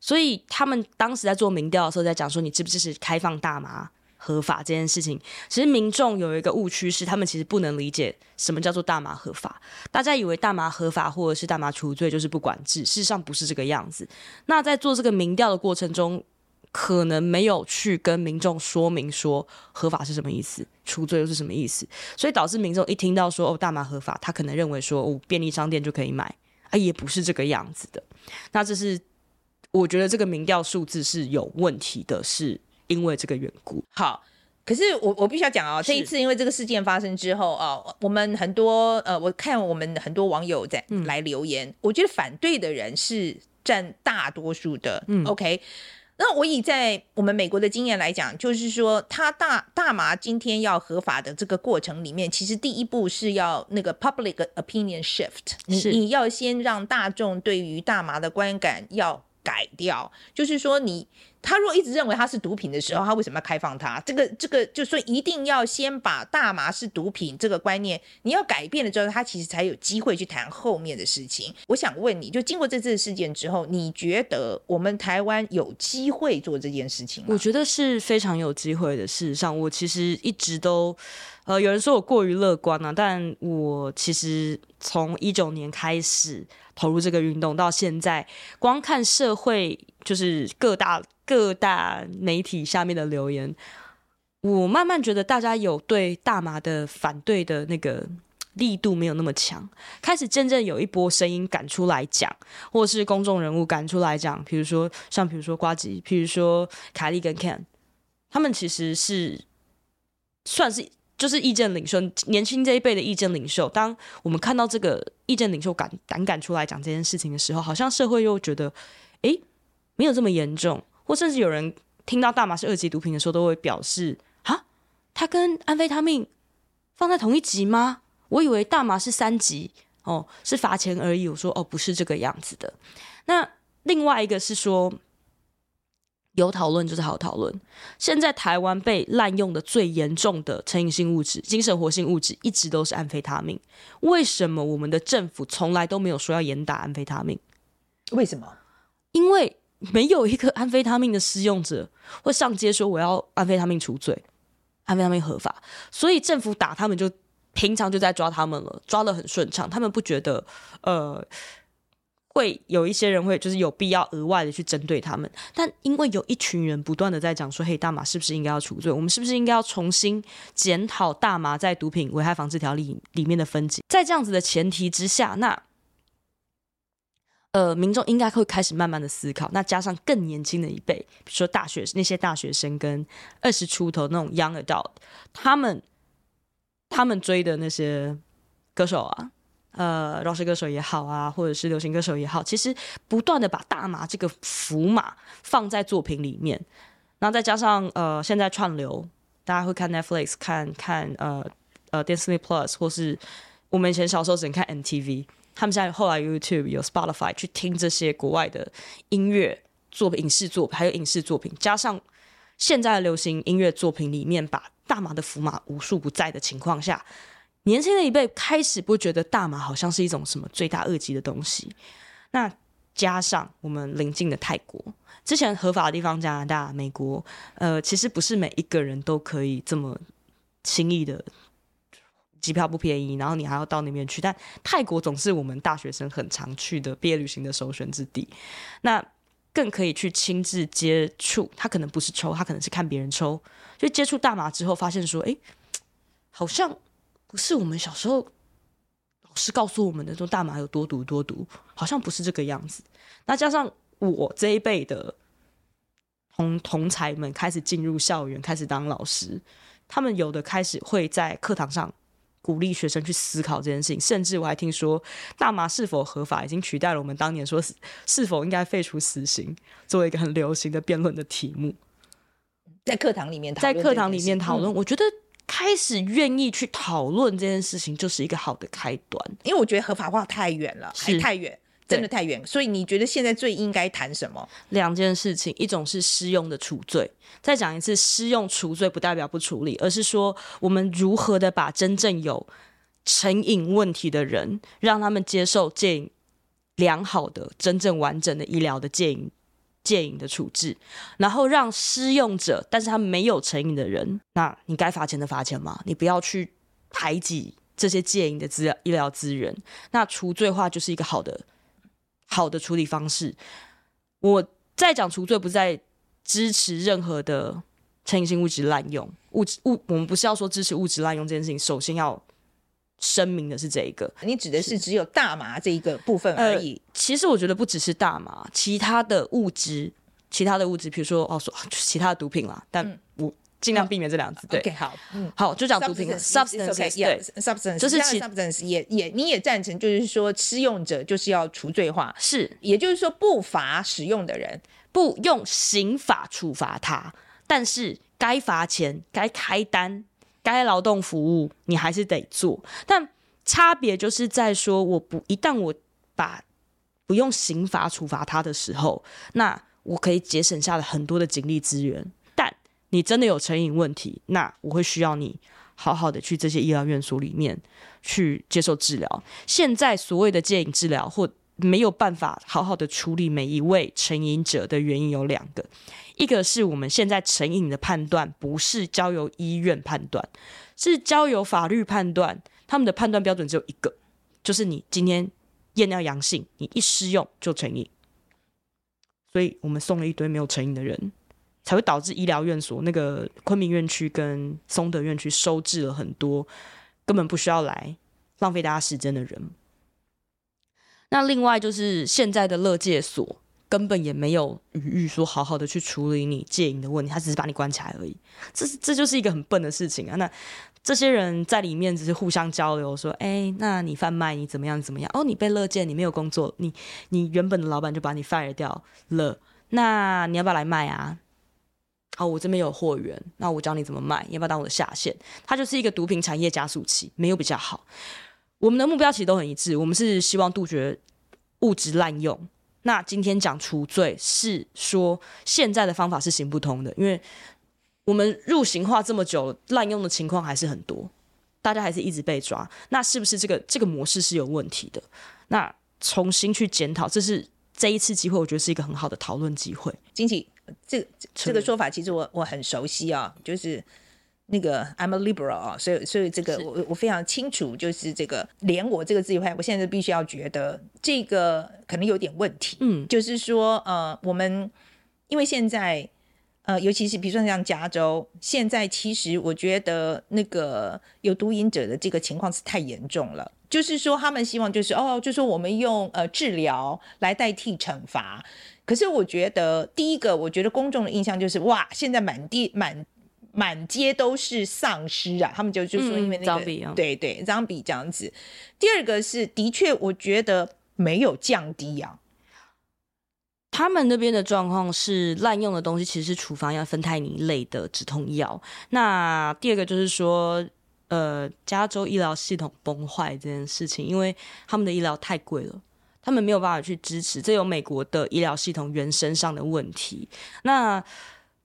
所以他們當時在做民調的時候在講說，你支不支持開放大麻？合法這件事情，其實民眾有一個誤區是，他們其實不能理解什麼叫做大麻合法。大家以為大麻合法或者是大麻除罪就是不管制，事實上不是這個樣子。那在做這個民調的過程中，可能沒有去跟民眾說明說合法是什麼意思，除罪又是什麼意思，所以導致民眾一聽到說哦大麻合法，他可能認為說哦便利商店就可以買，啊也不是這個樣子的。那這是我覺得這個民調數字是有問題的，是。因為這個緣故，好，可是我我必須要講啊、哦，是這一次因為這個事件發生之後啊、哦，我們很多呃，我看我們很多網友在、嗯、來留言，我覺得反對的人是占大多數的。嗯、OK，那我以在我們美國的經驗來講，就是說，他大大麻今天要合法的這個過程裡面，其實第一步是要那個 public opinion shift，是你你要先讓大眾對於大麻的觀感要。改掉，就是說你他如果一直認為他是毒品的時候，他為什麼要開放他？這個這個，就說一定要先把大麻是毒品這個觀念你要改變了之後，他其實才有機會去談後面的事情。我想問你，就經過這次的事件之後，你覺得我們台灣有機會做這件事情？我覺得是非常有機會的。事實上，我其實一直都呃，有人說我過於樂觀啊，但我其實從一九年開始。投入這個運動到現在，光看社會就是各大各大媒體下面的留言，我慢慢覺得大家有對大麻的反對的那個力度沒有那麼強，開始漸漸有一波聲音敢出來講，或是公眾人物敢出來講，比如說像比如說呱吉，比如說凱莉跟 Ken，他們其實是算是。就是意見領袖，年輕這一輩的意見領袖。當我們看到這個意見領袖敢膽敢，敢出來講這件事情的時候，好像社會又覺得，哎、欸，沒有這麼嚴重。或甚至有人聽到大麻是二級毒品的時候，都會表示，蛤，他跟安非他命放在同一級嗎？我以為大麻是三級哦，是罰錢而已。我說，哦，不是這個樣子的。那另外一個是說。有討論就是好討論。現在台灣被濫用的最嚴重的成癮性物質、精神活性物質，一直都是安非他命。為什麼我們的政府從來都沒有說要嚴打安非他命？為什麼？因為沒有一個安非他命的使用者會上街說我要安非他命除罪，安非他命合法，所以政府打他們就平常就在抓他們了，抓得很順暢，他們不覺得呃。會有一些人會就是有必要額外的去針對他們，但因為有一群人不斷的在講說，嘿，大麻是不是應該要除罪？我們是不是應該要重新檢討大麻在毒品危害防治條例裡，裡面的分級？在這樣子的前提之下，那呃，民眾應該會開始慢慢的思考。那加上更年輕的一輩，比如說大學那些大學生跟二十出頭那種 young adult，他們他們追的那些歌手啊。呃，饒舌歌手也好啊，或者是流行歌手也好，其實不斷的把大麻這個符碼放在作品裡面，然後再加上呃，現在串流，大家會看 Netflix，看看呃呃 Disney Plus，或是我們以前小時候只能看 MTV，他們現在後來 YouTube 有 Spotify 去聽這些國外的音樂作品、影視作品，還有影視作品，加上現在的流行音樂作品裡面，把大麻的符碼無處不在的情況下。年輕的一輩開始不覺得大麻好像是一種什麼罪大惡極的東西，那加上我們鄰近的泰國，之前合法的地方加拿大、美國，呃，其實不是每一個人都可以這麼輕易的，機票不便宜，然後你還要到那邊去，但泰國總是我們大學生很常去的畢業旅行的首選之地，那更可以去親自接觸，他可能不是抽，他可能是看別人抽，就接觸大麻之後發現說，哎、欸，好像。不是我們小時候老師告訴我們的說大麻有多毒多毒，好像不是這個樣子。那加上我這一輩的同同儕們開始進入校園，開始當老師，他們有的開始會在課堂上鼓勵學生去思考這件事情。甚至我還聽說，大麻是否合法已經取代了我們當年說是否應該廢除死刑，作為一個很流行的辯論的題目，在課堂裡面討論，在課堂裡面討論，我覺得。開始願意去討論這件事情，就是一個好的開端。因為我覺得合法化太遠了，是還太遠，真的太遠。對所以你覺得現在最應該談什麼？兩件事情，一種是施用的除罪。再講一次，施用除罪不代表不處理，而是說我們如何的把真正有成癮問題的人，讓他們接受戒癮良好的、真正完整的醫療的戒癮。戒癮的處置，然後讓施用者，但是他沒有成癮的人，那你該罰錢的罰錢嘛，你不要去排擠這些戒癮的資醫療資源。那除罪化就是一個好的好的處理方式。我再講除罪，不在支持任何的成癮性物質濫用物質物，我們不是要說支持物質濫用這件事情，首先要。聲明的是這一個，你指的是只有大麻這一個部分而已、呃。其實我覺得不只是大麻，其他的物質，其他的物質，比如說哦說、就是、其他的毒品啦，但我盡量避免這兩個。嗯、對，好，嗯，好，就講毒品 okay, yeah, substance，對 yeah, substance，就是其,其 substance 也也你也贊成，就是說使用者就是要除罪化，是，也就是說不罰使用的人，不用刑法處罰他，但是該罰錢該開單。該勞動服務，你還是得做，但差別就是在說，我不一旦我把不用刑罰處罰他的時候，那我可以節省下了很多的警力資源。但你真的有成癮問題，那我會需要你好好的去這些醫療院所裡面去接受治療。現在所謂的戒癮治療或。沒有辦法好好的處理每一位成癮者的原因有兩個，一個是我們現在成癮的判斷不是交由醫院判斷，是交由法律判斷。他們的判斷標準只有一個，就是你今天驗尿陽性，你一施用就成癮。所以我們送了一堆沒有成癮的人，才會導致醫療院所那個昆明院區跟松德院區收治了很多根本不需要來浪費大家時間的人。那另外就是現在的勒戒所根本也沒有餘裕說好好的去處理你戒癮的問題，他只是把你關起來而已。這是這就是一個很笨的事情啊。那這些人在裡面只是互相交流，說：“哎、欸，那你販賣你怎麼樣？怎麼樣？哦，你被勒戒，你沒有工作，你你原本的老板就把你 fire 掉了。那你要不要來賣啊？好、哦，我這邊有貨源，那我教你怎麼賣，要不要當我的下線？它就是一個毒品產業加速器，沒有比較好。”我們的目標其實都很一致，我們是希望杜絕物質濫用。那今天講除罪，是說現在的方法是行不通的，因為我們入刑化這麼久了，濫用的情況還是很多，大家還是一直被抓。那是不是這個這個模式是有問題的？那重新去檢討，這是這一次機會，我覺得是一個很好的討論機會。經濟這這，這個說法，其實我我很熟悉啊、哦，就是。那個 I'm a liberal 啊，所以所以這個我是我非常清楚，就是這個連我這個自由派，我現在必須要覺得這個可能有點問題。嗯，就是說呃，我們因為現在呃，尤其是比如說像加州，現在其實我覺得那個有毒癮者的這個情況是太嚴重了，就是說他們希望就是哦，就說我們用呃治療來代替懲罰。可是我覺得第一個，我覺得公眾的印象就是哇，現在滿地滿。滿滿街都是喪屍啊！他們就就說因為那個、嗯啊、對，對對，張比這樣子。第二個是，的確，我覺得沒有降低啊。他們那邊的狀況是濫用的東西，其實是處方藥芬太尼類的止痛藥。那第二個就是說，呃，加州醫療系統崩壞這件事情，因為他們的醫療太貴了，他們沒有辦法去支持。這有美國的醫療系統原生上的問題。那。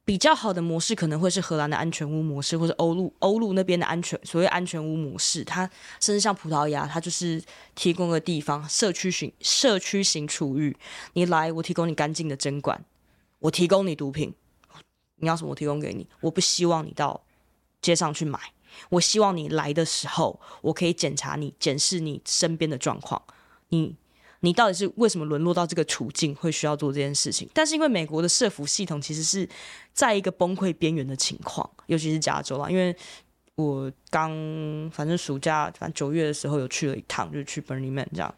比較好的模式可能會是荷蘭的安全屋模式，或者歐陸歐陸那邊的安全所謂安全屋模式。它甚至像葡萄牙，它就是提供個地方，社區型社區型處遇。你來，我提供你乾淨的針管，我提供你毒品，你要什麼我提供給你。我不希望你到街上去買，我希望你來的時候，我可以檢查你，檢視你身邊的狀況，你。你到底是為什麼淪落到這個處境，會需要做這件事情？但是因為美國的社福系統其實是在一個崩潰邊緣的情況，尤其是加州啦。因為我剛反正暑假，反正九月的時候有去了一趟，就去 Burning Man 這樣。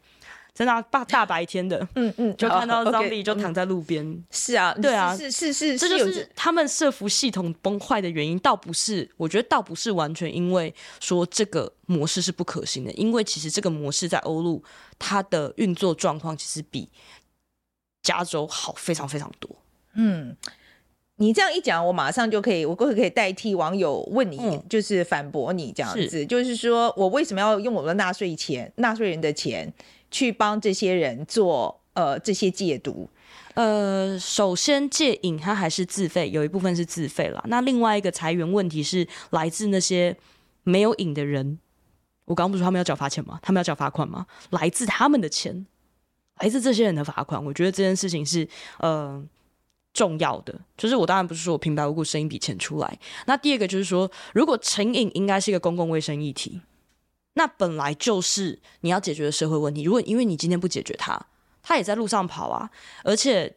在那大大白天的，嗯 嗯，嗯就看到張力好就躺在路邊。Okay, 嗯、是啊，對啊，是是是，是，是，是這就是他們社服系統崩壞的原因，倒不是，我覺得倒不是完全因為說這個模式是不可行的，因為其實這個模式在歐陸，它的運作狀況其實比加州好非常非常多。嗯，你這樣一講，我馬上就可以，我過會可以代替網友問你，嗯、就是反駁你這樣子，是就是說我為什麼要用我的納稅錢，納稅人的錢？去幫這些人做呃這些戒毒，呃首先戒癮他還是自費，有一部分是自費啦。那另外一個財源問題是來自那些沒有癮的人。我剛剛不是說他們要繳罰錢嗎？他們要繳罰款嗎？來自他們的錢，來自這些人的罰款。我覺得這件事情是呃重要的。就是我當然不是說我平白無故生一筆錢出來。那第二個就是說，如果成癮應該是一個公共衛生議題。那本來就是你要解決的社會問題。如果因為你今天不解決他，他也在路上跑啊。而且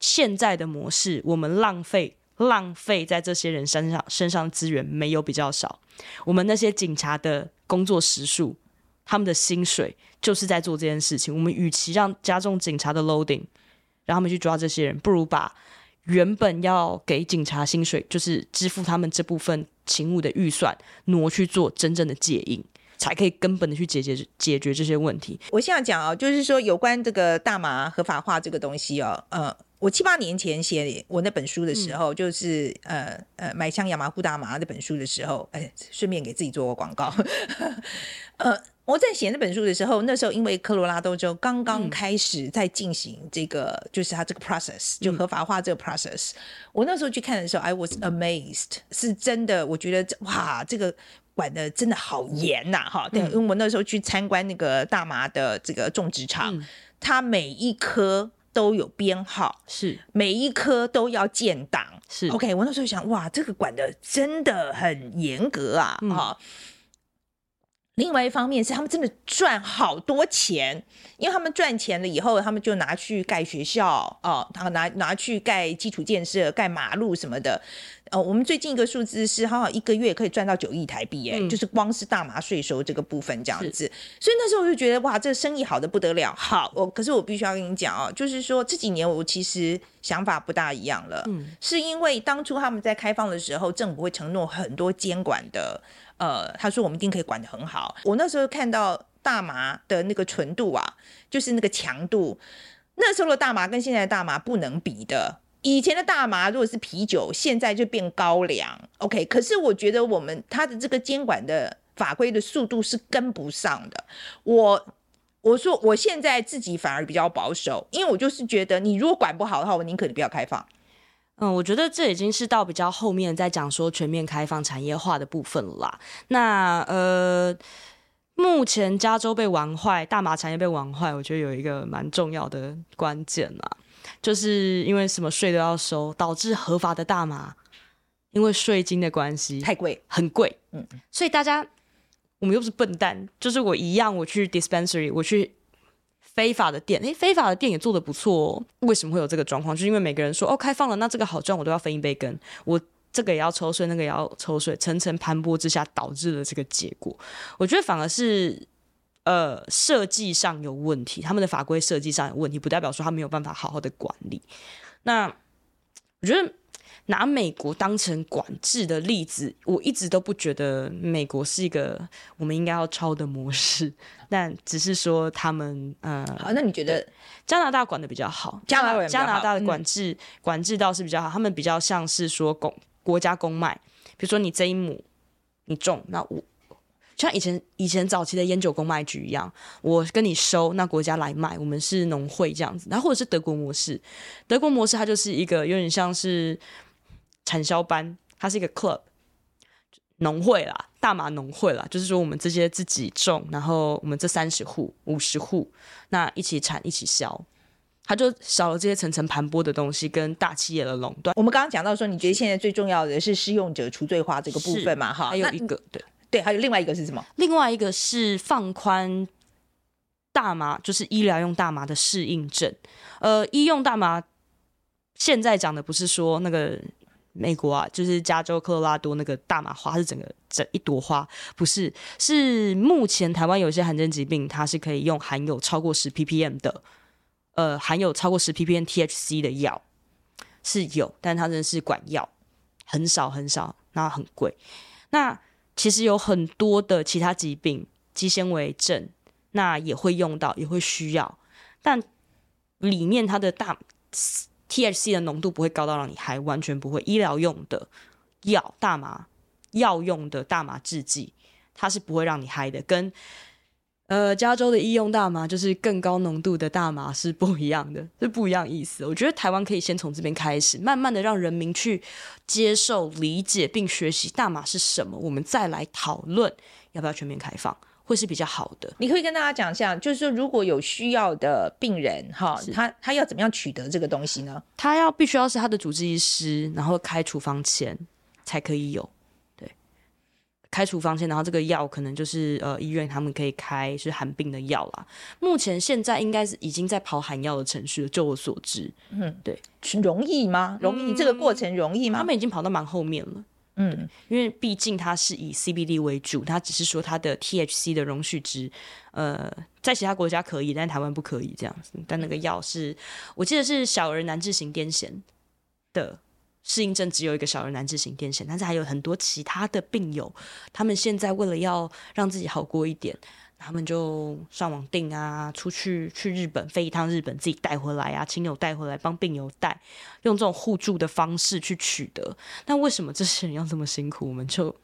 現在的模式，我們浪費浪費在這些人身上身上資源沒有比較少。我們那些警察的工作時數、他們的薪水，就是在做這件事情。我們與其讓加重警察的 loading，讓他們去抓這些人，不如把原本要給警察薪水，就是支付他們這部分勤務的預算，挪去做真正的戒癮。才可以根本的去解決解決這些問題。我現在講啊，就是說有關這個大麻合法化這個東西哦、喔，呃，我七八年前寫我那本書的時候，嗯、就是呃呃買槍養馬呼大麻那本書的時候，哎、欸，順便給自己做個廣告。 呃，我在寫那本書的時候，那時候因為科羅拉多州剛剛開始在進行這個，嗯、就是它這個 process 就合法化這個 process。嗯、我那時候去看的時候，I was amazed，是真的，我覺得哇，這個。管得真的好嚴吶、啊，哈！嗯、因為我那時候去參觀那個大麻的這個種植場，嗯、它每一顆都有編號，是每一顆都要建檔，是 OK。我那時候想，哇，這個管得真的很嚴格啊，哈、嗯！另外一方面是他們真的賺好多錢，因為他們賺錢了以後，他們就拿去蓋學校啊、哦，拿拿拿去蓋基礎建設、蓋馬路什麼的。呃、哦，我們最近一個數字是，好像一個月可以賺到九億台幣、欸，哎、嗯，就是光是大麻稅收這個部分這樣子。是所以那時候我就覺得，哇，這生意好得不得了。好，我可是我必須要跟你講啊、哦，就是說這幾年我其實想法不大一樣了，嗯、是因為當初他們在開放的時候，政府會承諾很多監管的。呃，他說我們一定可以管得很好。我那時候看到大麻的那個純度啊，就是那個強度，那時候的大麻跟現在的大麻不能比的。以前的大麻如果是啤酒，現在就變高粱。OK，可是我覺得我們他的這個監管的法規的速度是跟不上的。我我說我現在自己反而比較保守，因為我就是覺得你如果管不好的話，我寧可不要開放。嗯，我覺得這已經是到比較後面，在講說全面開放產業化的部分了啦。那呃，目前加州被玩壞，大麻產業被玩壞，我覺得有一個蠻重要的關鍵啦，就是因為什麼稅都要收，導致合法的大麻因為稅金的關係太貴，很貴。嗯，所以大家我們又不是笨蛋，就是我一樣，我去 dispensary，我去。非法的店，誒，非法的店也做得不錯哦，為什麼會有這個狀況？就是因為每個人說哦開放了，那這個好賺，我都要分一杯羹，我這個也要抽稅，那個也要抽稅，層層盤剝之下導致了這個結果。我覺得反而是，呃，設計上有問題，他們的法規設計上有問題，不代表說他沒有辦法好好的管理。那我覺得。拿美國當成管制的例子，我一直都不覺得美國是一個我們應該要抄的模式。但只是說他們，呃，好，那你覺得加拿大管得比較好？加拿大，加拿大的管制管制倒是比較好。嗯，他們比較像是說公國家公賣，比如說你這一畝你種，那我像以前以前早期的菸酒公賣局一樣，我跟你收，那國家來賣，我們是農會這樣子。然後或者是德國模式，德國模式它就是一個有點像是。產銷班，它是一個 club 農會啦，大麻農會啦，就是說我們這些自己種，然後我們這三十戶、五十戶那一起產、一起銷，它就少了這些層層盤剝的東西跟大企業的壟斷。我們剛剛講到說，你覺得現在最重要的是施用者除罪化這個部分嘛？哈，還有一個，那對對，還有另外一個是什麼？另外一個是放寬大麻，就是醫療用大麻的適應症。呃，醫用大麻現在講的不是說那個。美國啊，就是加州、科羅拉多那個大麻花是整個整一朵花，不是？是目前台灣有些罕見疾病，它是可以用含有超過十 ppm 的，呃，含有超過十 ppm THC 的藥是有，但它真的是管藥很少很少，那很貴。那其實有很多的其他疾病，肌纖維症，那也會用到，也會需要，但裡面它的大。THC 的濃度不會高到讓你嗨，完全不會。醫療用的藥大麻，藥用的大麻製劑，它是不會讓你嗨的。跟呃，加州的醫用大麻就是更高濃度的大麻是不一樣的，是不一樣意思。我覺得台灣可以先從這邊開始，慢慢的讓人民去接受、理解並學習大麻是什麼，我們再來討論要不要全面開放。會是比較好的。你可以跟大家講一下，就是說如果有需要的病人，哈是，他他要怎麼樣取得這個東西呢？他要必須要是他的主治醫師，然後開處方簽才可以有。對，開處方簽，然後這個藥可能就是呃醫院他們可以開是罕病的藥啦。目前現在應該是已經在跑罕藥的程序了，就我所知。嗯，對，容易嗎？容易？嗯、這個過程容易嗎？他們已經跑到蠻後面了。嗯，因為畢竟它是以 CBD 為主，它只是說它的 THC 的容許值，呃，在其他國家可以，但台灣不可以這樣子。但那個藥是，我記得是小兒難治型癲癇的適應症，只有一個小兒難治型癲癇，但是還有很多其他的病友，他們現在為了要讓自己好過一點。他們就上網訂啊，出去去日本飛一趟日本，自己帶回來啊，親友帶回來，幫病友帶，用這種互助的方式去取得。那為什麼這些人要這麼辛苦？我們就，放就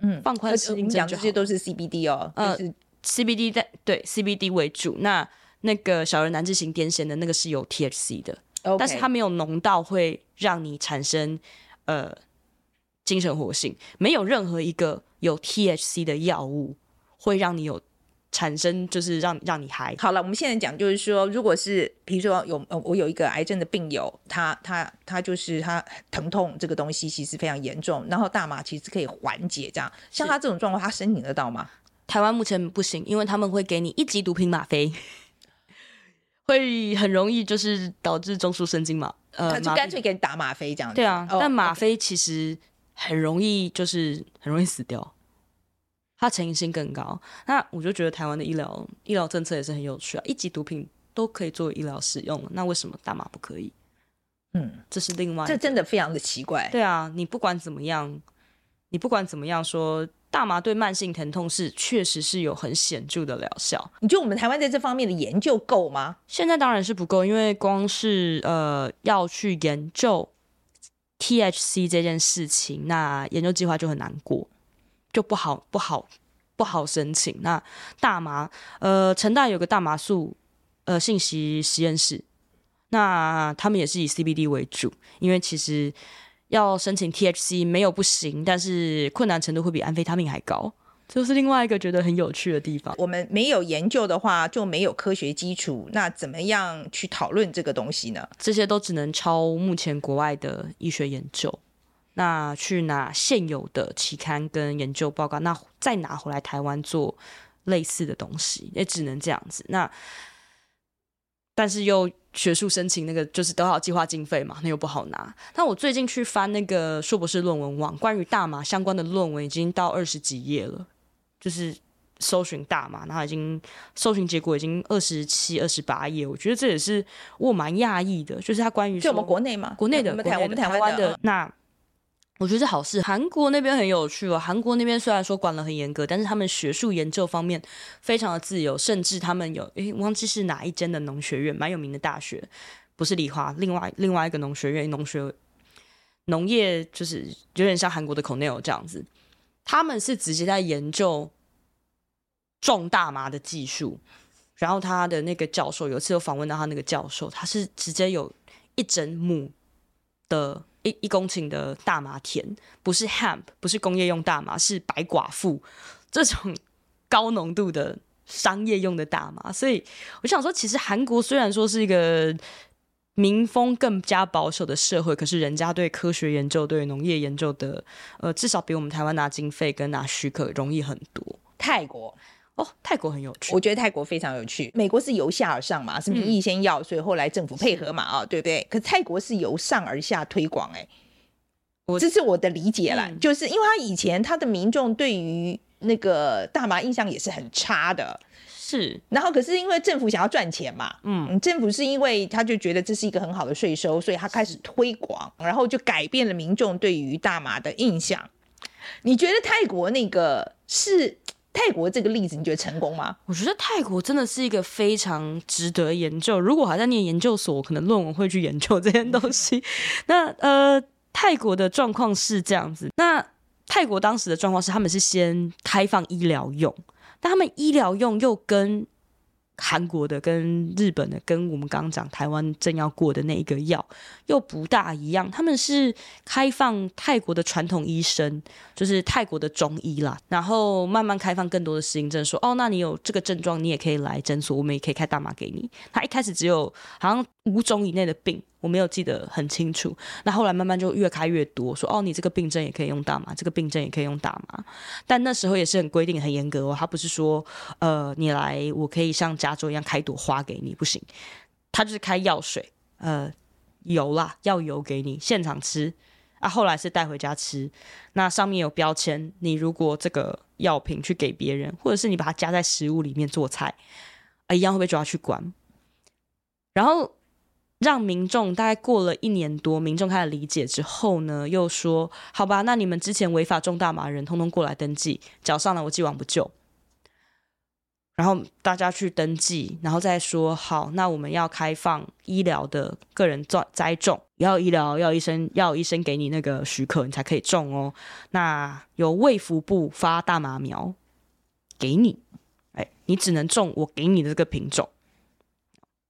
嗯放寬心講，這些都是 CBD 哦，就是、呃，CBD 在對 CBD 為主。那那個小兒難治型癲癇的那個是有 THC 的，Okay. 但是它沒有濃到會讓你產生呃精神活性。沒有任何一個有 THC 的藥物會讓你有。產生就是讓讓你嗨好了。我們現在講就是說，如果是比如說有呃，我有一個癌症的病友，他他他就是他疼痛這個東西其實非常嚴重，然後大麻其實可以緩解這樣。像他這種狀況，他申請得到嗎？台灣目前不行，因為他們會給你一級毒品嗎啡， 會很容易就是導致中樞神經嘛，呃，他就乾脆給你打嗎啡這樣。對啊，但嗎啡其實很容易就是很容易死掉。它成癮性更高，那我就覺得台灣的醫療醫療政策也是很有趣啊。一級毒品都可以作為醫療使用，那為什麼大麻不可以？嗯，這是另外。這真的非常的奇怪。對啊，你不管怎麼樣，你不管怎麼樣說，大麻對慢性疼痛是確實是有很顯著的療效。你覺得我們台灣在這方面的研究夠嗎？現在當然是不夠，因為光是呃要去研究 THC 這件事情，那研究計劃就很難過。就不好，不好，不好申請。那大麻，呃，成大有個大麻素，呃，信息實驗室。那他們也是以 CBD 為主，因為其實要申請 THC 沒有不行，但是困難程度會比安非他命還高。這，就是另外一個覺得很有趣的地方。我們沒有研究的話，就沒有科學基礎。那怎麼樣去討論這個東西呢？這些都只能抄目前國外的醫學研究。那去拿現有的期刊跟研究報告，那再拿回來台灣做類似的東西，也只能這樣子。那但是又學術申請那個就是得好計劃經費嘛，那又不好拿。那我最近去翻那個碩博士論文網，關於大麻相關的論文已經到二十幾頁了，就是搜尋大麻，然後已經搜尋結果已經二十七、二十八頁。我覺得這也是我蠻訝異的，就是他關於就我們國內嘛，國內的，我們台灣的那。我覺得是好事。韓國那邊很有趣哦。韓國那邊雖然說管了很嚴格，但是他們學術研究方面非常的自由，甚至他們有哎，忘記是哪一間的農學院，蠻有名的大學，不是梨花，另外另外一個農學院，農學農業就是有點像韓國的 Cornell 這樣子。他們是直接在研究種大麻的技術。然後他的那個教授有一次有訪問到他那個教授，他是直接有一整畝的。一公頃的大麻田，不是 hemp，不是工業用大麻，是白寡婦這種高濃度的商業用的大麻。所以我想說，其實韓國雖然說是一個民風更加保守的社會，可是人家對科學研究、對農業研究的，呃，至少比我們台灣拿經費跟拿許可容易很多。泰國。哦，泰國很有趣，我覺得泰國非常有趣。美國是由下而上嘛，是民意先要，嗯、所以後來政府配合嘛，啊是、哦，對不對？可泰國是由上而下推廣、欸，哎我，這是我的理解啦。嗯、就是因為他以前他的民眾對於那個大麻印象也是很差的，是。然後可是因為政府想要賺錢嘛，嗯，嗯，政府是因為他就覺得這是一個很好的稅收，所以他開始推廣，是然後就改變了民眾對於大麻的印象。你覺得泰國那個是？泰國這個例子，你覺得成功嗎？我覺得泰國真的是一個非常值得研究。如果還在念研究所，可能論文會去研究這些東西。 那呃，泰國的狀況是這樣子。那泰國當時的狀況是，他們是先開放醫療用，但他們醫療用又跟。韓國的跟日本的跟我們剛剛講台灣正要過的那一個藥又不大一樣，他們是開放泰國的傳統醫生，就是泰國的中醫啦，然後慢慢開放更多的適應症，說哦，那你有這個症狀，你也可以來診所，我們也可以開大麻給你。他一開始只有好像五種以內的病。我沒有記得很清楚，那後來慢慢就越開越多，說哦，你這個病症也可以用大麻，這個病症也可以用大麻。但那時候也是很規定很嚴格哦，他不是說呃，你來我可以像加州一樣開一朵花給你，不行，他就是開藥水，呃，油啦，藥油給你現場吃啊，後來是帶回家吃，那上面有標籤，你如果這個藥品去給別人，或者是你把它加在食物裡面做菜啊，一樣會被抓去管，然後。讓民眾大概過了一年多，民眾開始理解之後呢，又說：“好吧，那你們之前違法種大麻的人，通通過來登記。繳上了，我既往不咎。”然後大家去登記，然後再說：“好，那我們要開放醫療的個人種栽，栽種，要醫療，要醫生，要醫生給你那個許可，你才可以種哦。”那由衛福部發大麻苗給你，哎，你只能種我給你的這個品種。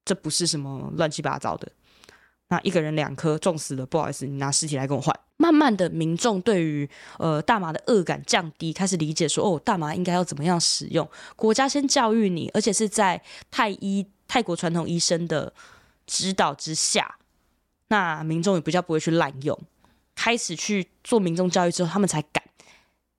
這不是什麼亂七八糟的。那一個人兩顆，重死了，不好意思，你拿屍體來跟我換。慢慢的，民眾對於呃大麻的惡感降低，開始理解說，哦，大麻應該要怎麼樣使用？國家先教育你，而且是在泰醫泰國傳統醫生的指導之下，那民眾也比較不會去濫用。開始去做民眾教育之後，他們才敢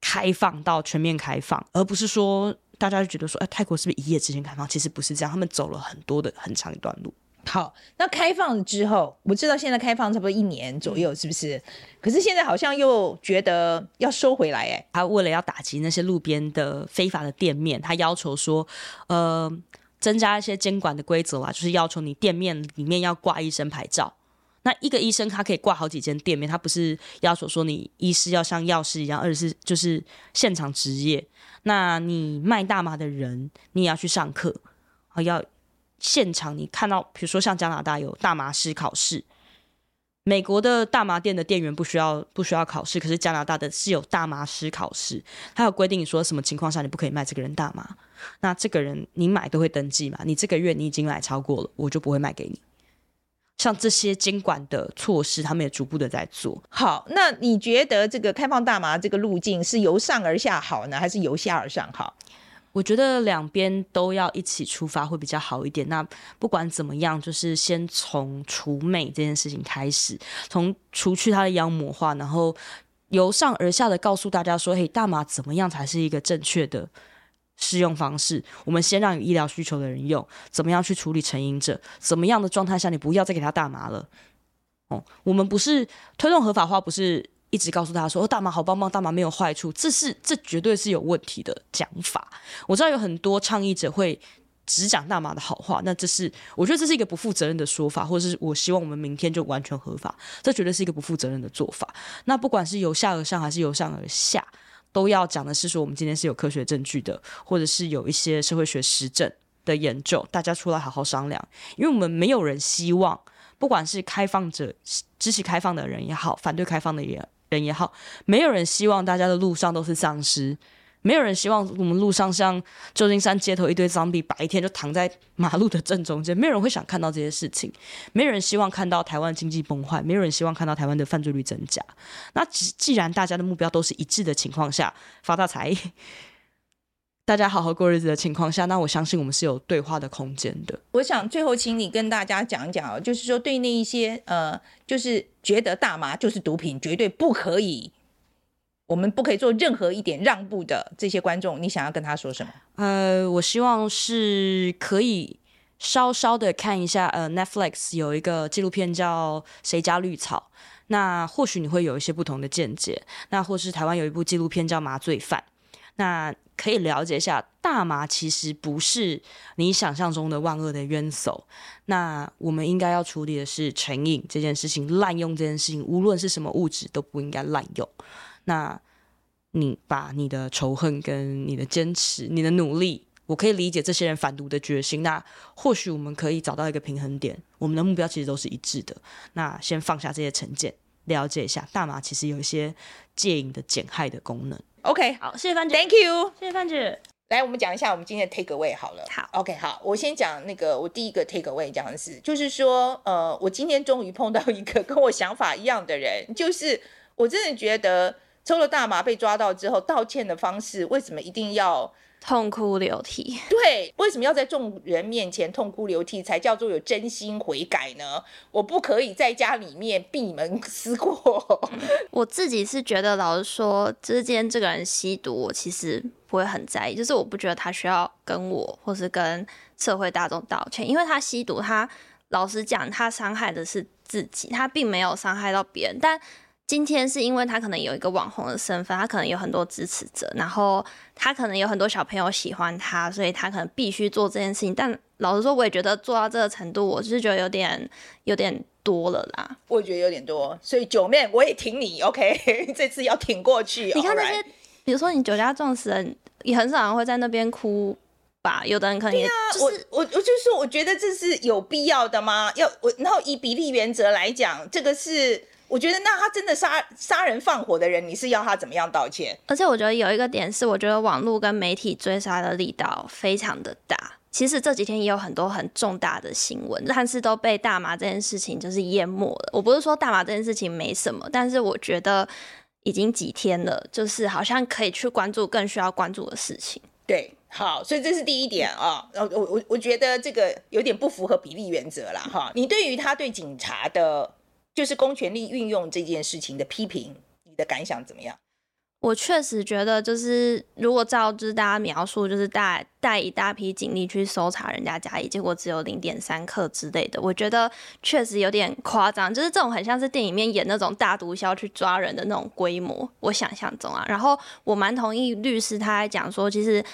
開放到全面開放，而不是說。大家就覺得說，哎、欸，泰國是不是一夜之間開放？其實不是這樣，他們走了很多的很長一段路。好，那開放之後，我知道現在開放差不多一年左右，嗯、是不是？可是現在好像又覺得要收回來，哎，他為了要打擊那些路邊的非法的店面，他要求說，呃，增加一些監管的規則啊，就是要求你店面裡面要掛醫生牌照。那一個醫生，他可以掛好幾間店面，他不是要求說你醫師要像藥師一樣，而是就是現場執業。那你賣大麻的人，你也要去上課啊，要現場你看到，比如說像加拿大有大麻師考試，美國的大麻店的店員不需要不需要考試，可是加拿大的是有大麻師考試，他有規定你說什麼情況下你不可以賣這個人大麻，那這個人你買都會登記嘛，你這個月你已經買超過了，我就不會賣給你。像這些監管的措施，他們也逐步的在做好。那你覺得這個開放大麻這個路徑是由上而下好呢，還是由下而上好？我覺得兩邊都要一起出發會比較好一點。那不管怎麼樣，就是先從除魅這件事情開始，從除去它的妖魔化，然後由上而下的告訴大家說：“嘿，大麻怎麼樣才是一個正確的？”適用方式，我們先讓有醫療需求的人用，怎麼樣去處理成癮者，怎麼樣的狀態下你不要再給他大麻了。哦、嗯，我們不是推動合法化，不是一直告訴他說哦，大麻好棒棒，大麻沒有壞處，這是這絕對是有問題的講法。我知道有很多倡議者會只講大麻的好話，那這是我覺得這是一個不負責任的說法，或者是我希望我們明天就完全合法，這絕對是一個不負責任的做法。那不管是由下而上還是由上而下。都要講的是說，我們今天是有科學證據的，或者是有一些社會學實證的研究，大家出來好好商量。因為我們沒有人希望，不管是開放者、支持開放的人也好，反對開放的人也好，沒有人希望大家的路上都是喪屍。沒有人希望我們路上像舊金山街頭一堆喪屍，白天就躺在馬路的正中間。沒有人會想看到這些事情。沒有人希望看到台灣經濟崩壞，沒有人希望看到台灣的犯罪率增加。那既既然大家的目標都是一致的情況下，發大財，大家好好過日子的情況下，那我相信我們是有對話的空間的。我想最後請你跟大家講一講，就是說對那一些呃，就是覺得大麻就是毒品，絕對不可以。我們不可以做任何一點讓步的這些觀眾，你想要跟他說什麼？呃，我希望是可以稍稍的看一下，呃，Netflix 有一個紀錄片叫《誰家綠草》，那或許你會有一些不同的見解。那或是台灣有一部紀錄片叫《麻醉犯》，那可以了解一下，大麻其實不是你想象中的萬惡的淵藪。那我們應該要處理的是成癮這件事情、濫用這件事情，無論是什麼物質，都不應該濫用。那，你把你的仇恨跟你的堅持、你的努力，我可以理解這些人反毒的決心。那或許我們可以找到一個平衡點，我們的目標其實都是一致的。那先放下這些成見，了解一下大麻其實有一些戒癮的減害的功能。OK，好，謝謝范姐，Thank you，謝謝范姐。來，我們講一下我們今天的 Take Away 好了。好，OK，好，我先講那個，我第一個 Take Away 講的是，就是說，呃，我今天終於碰到一個跟我想法一樣的人，就是我真的覺得。抽了大麻被抓到之後，道歉的方式為什麼一定要痛哭流涕？對，為什麼要在眾人面前痛哭流涕才叫做有真心悔改呢？我不可以在家裡面閉門思過。 我自己是覺得，老實說，之間這個人吸毒，我其實不會很在意，就是我不覺得他需要跟我或是跟社會大眾道歉，因為他吸毒他，他老實講，他傷害的是自己，他並沒有傷害到別人，但。今天是因為他可能有一個網紅的身份，他可能有很多支持者，然後他可能有很多小朋友喜歡他，所以他可能必須做這件事情。但老實說，我也覺得做到這個程度，我就是覺得有點有點多了啦。我也覺得有點多，所以九面我也挺你，OK？這次要挺過去。你看那些，Alright 比如說你酒駕撞死人，也很少人會在那邊哭吧？有的人可能也、就是、對啊，我我我就說，我覺得這是有必要的嗎？要我然後以比例原則來講，這個是。我覺得那他真的殺殺人放火的人，你是要他怎麼樣道歉？而且我覺得有一個點是，我覺得網絡跟媒體追殺的力道非常的大。其實這幾天也有很多很重大的新聞，但是都被大麻這件事情就是淹沒了。我不是說大麻這件事情沒什麼，但是我覺得已經幾天了，就是好像可以去關注更需要關注的事情。對，好，所以這是第一點啊、哦。我我我覺得這個有點不符合比例原則了哈、哦。你對於他對警察的？就是公權力運用這件事情的批評，你的感想怎麼樣？我確實覺得，就是如果照着大家描述，就是帶帶一大批警力去搜查人家家裡，結果只有零點三克之類的，我覺得確實有點誇張。就是這種很像是電影裡面演那種大毒梟去抓人的那種規模，我想象中啊。然後我蠻同意律師他還講說，其實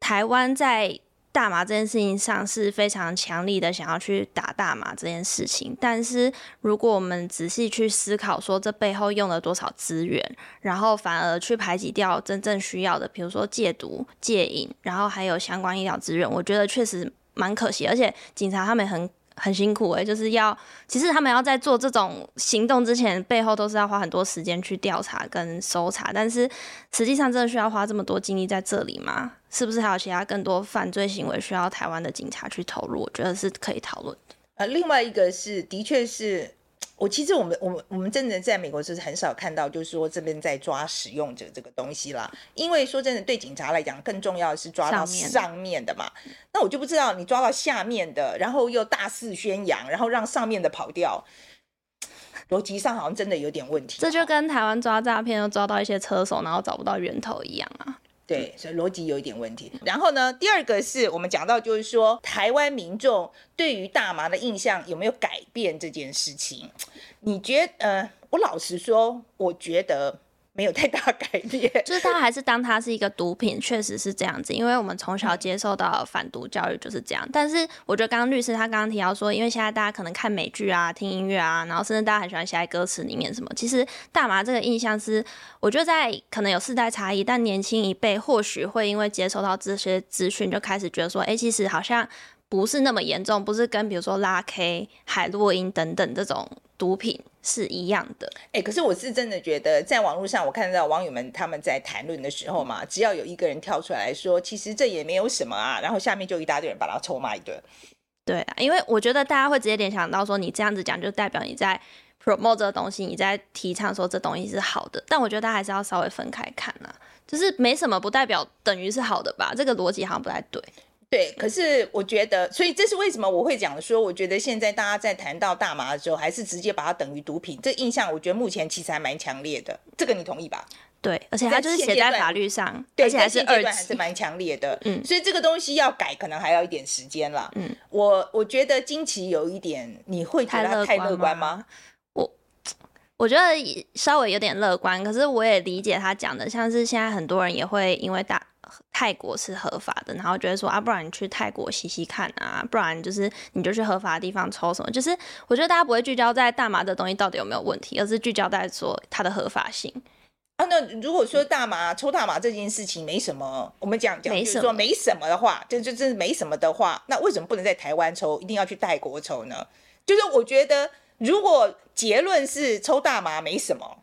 台灣在。大麻這件事情上是非常強力的，想要去打大麻這件事情。但是如果我們仔細去思考，說這背後用了多少資源，然後反而去排擠掉真正需要的，比如說戒毒、戒癮，然後還有相關醫療資源，我覺得確實蠻可惜。而且警察他們很。很辛苦誒、欸，就是要，其實他們要在做這種行動之前，背後都是要花很多時間去調查跟搜查。但是實際上，真的需要花這麼多精力在這裡嗎？是不是還有其他更多犯罪行為需要台灣的警察去投入？我覺得是可以討論的。呃、啊，另外一個是，的確是。我、哦，其實我們我們我們真的在美國是很少看到，就是說這邊在抓使用者這個東西啦。因為說真的，對警察來講，更重要的是抓到上面的嘛。的那我就不知道你抓到下面的，然後又大肆宣揚，然後讓上面的跑掉，邏輯上好像真的有點問題、啊。這就跟台灣抓詐騙，又抓到一些車手，然後找不到源頭一樣啊。對，所以邏輯有一點問題。嗯。然後呢，第二個是我們講到，就是說台灣民眾對於大麻的印象有沒有改變這件事情，你覺得，呃，我老實說，我覺得。沒有太大改變，就是他還是當他是一個毒品，確 實是這樣子，因為我們從小接受到反毒教育就是這樣。但是我覺得剛剛律師他剛剛提到說，因為現在大家可能看美劇啊、聽音樂啊，然後甚至大家很喜歡寫在歌詞裡面什麼，其實大麻這個印象是，我覺得在可能有世代差異，但年輕一輩或許會因為接受到這些資訊，就開始覺得說，哎、欸，其實好像不是那麼嚴重，不是跟比如說拉 K、海洛因等等這種毒品，是一樣的，哎、欸，可是我是真的覺得，在網絡上我看到網友們他們在談論的時候嘛，嗯、只要有一個人跳出來來說，其實這也沒有什麼啊，然後下面就一大堆人把他臭罵一頓。對啊，因為我覺得大家會直接聯想到說，你這樣子講就代表你在 promote 這東西，你在提倡說這東西是好的，但我覺得大家還是要稍微分開看啊，就是沒什麼不代表等於是好的吧，這個邏輯好像不太對。對，可是我覺得，所以這是為什麼我會講的說，我覺得現在大家在談到大麻的時候，還是直接把它等於毒品，這個印象我覺得目前其實還蠻強烈的。這個你同意吧？對，而且他就是寫在法律上，對而且還是二，段還是蠻強烈的。嗯，所以這個東西要改，可能還要一點時間了。嗯，我我覺得菁琪有一點，你會覺得他太,樂太樂觀嗎？我我覺得稍微有點樂觀，可是我也理解他講的，像是現在很多人也會因為大。泰國是合法的，然後覺得說啊，不然你去泰國吸吸看啊，不然就是你就去合法的地方抽什麼。就是我覺得大家不會聚焦在大麻的東西到底有沒有問題，而是聚焦在說它的合法性。啊，那如果說大麻、嗯、抽大麻這件事情沒什麼，我們講講就是說沒什麼的話，就就真的沒什麼的話，那為什麼不能在台灣抽，一定要去泰國抽呢？就是我覺得如果結論是抽大麻沒什麼，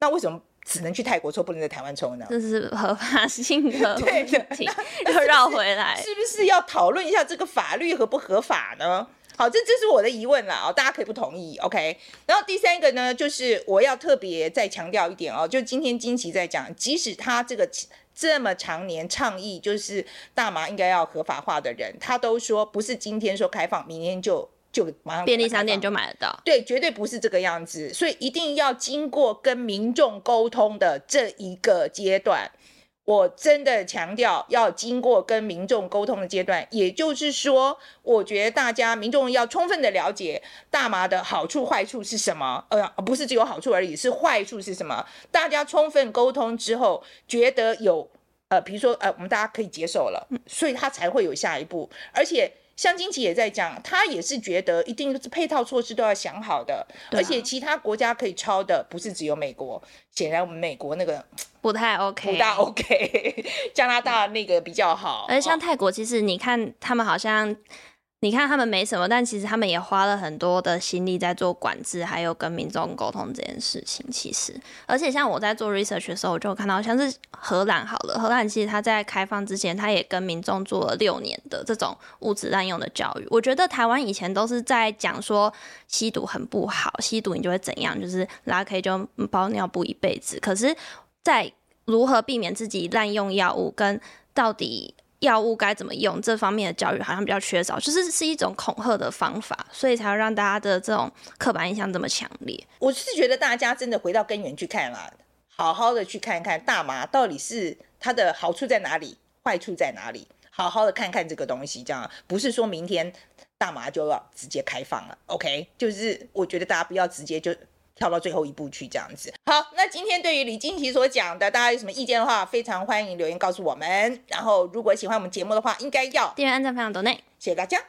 那為什麼，只能去泰國抽，不能在台灣抽呢？這是合法性格起 對的問題，又繞回來， 是不是要討論一下這個法律合不合法呢？好，這這是我的疑問了啊、哦，大家可以不同意，OK？然後第三個呢，就是我要特別再強調一點哦，就是今天菁琪在講，即使他這個這麼常年倡議就是大麻應該要合法化的人，他都說不是今天說開放，明天就。就馬上便利商店就買得到，對，絕對不是這個樣子，所以一定要經過跟民眾溝通的這一個階段。我真的強調要經過跟民眾溝通的階段，也就是說，我覺得大家民眾要充分的了解大麻的好處壞處是什麼，呃，不是只有好處而已，是壞處是什麼。大家充分溝通之後，覺得有呃，比如說呃，我們大家可以接受了，所以他才會有下一步，而且。像菁琪也在講，他也是覺得一定配套措施都要想好的，對啊，而且其他國家可以抄的不是只有美國。顯然，我們美國那個不太 OK，不大 OK，加拿大那個比較好。嗯，而像泰國，其實你看他們好像。你看他們沒什麼，但其實他們也花了很多的心力在做管制，還有跟民眾溝通這件事情。其實，而且像我在做 research 的時候，我就看到像是荷蘭好了，荷蘭其實他在開放之前，他也跟民眾做了六年的這種物質濫用的教育。我覺得台灣以前都是在講說吸毒很不好，吸毒你就會怎樣，就是拉 K 就包尿布一輩子。可是，在如何避免自己濫用藥物，跟到底。藥物該怎麼用？這方面的教育好像比較缺少，就是是一種恐嚇的方法，所以才會讓大家的這種刻板印象這麼強烈。我是覺得大家真的回到根源去看啊，好好的去看看大麻到底是它的好處在哪裡，壞處在哪裡，好好的看看這個東西，這樣不是說明天大麻就要直接開放了。OK，就是我覺得大家不要直接就。跳到最後一步去，這樣子。好，那今天對於李菁琪所講的，大家有什麼意見的話，非常歡迎留言告訴我們。然後，如果喜歡我們節目的話，應該要訂閱、按讚、分享、抖內，謝謝大家。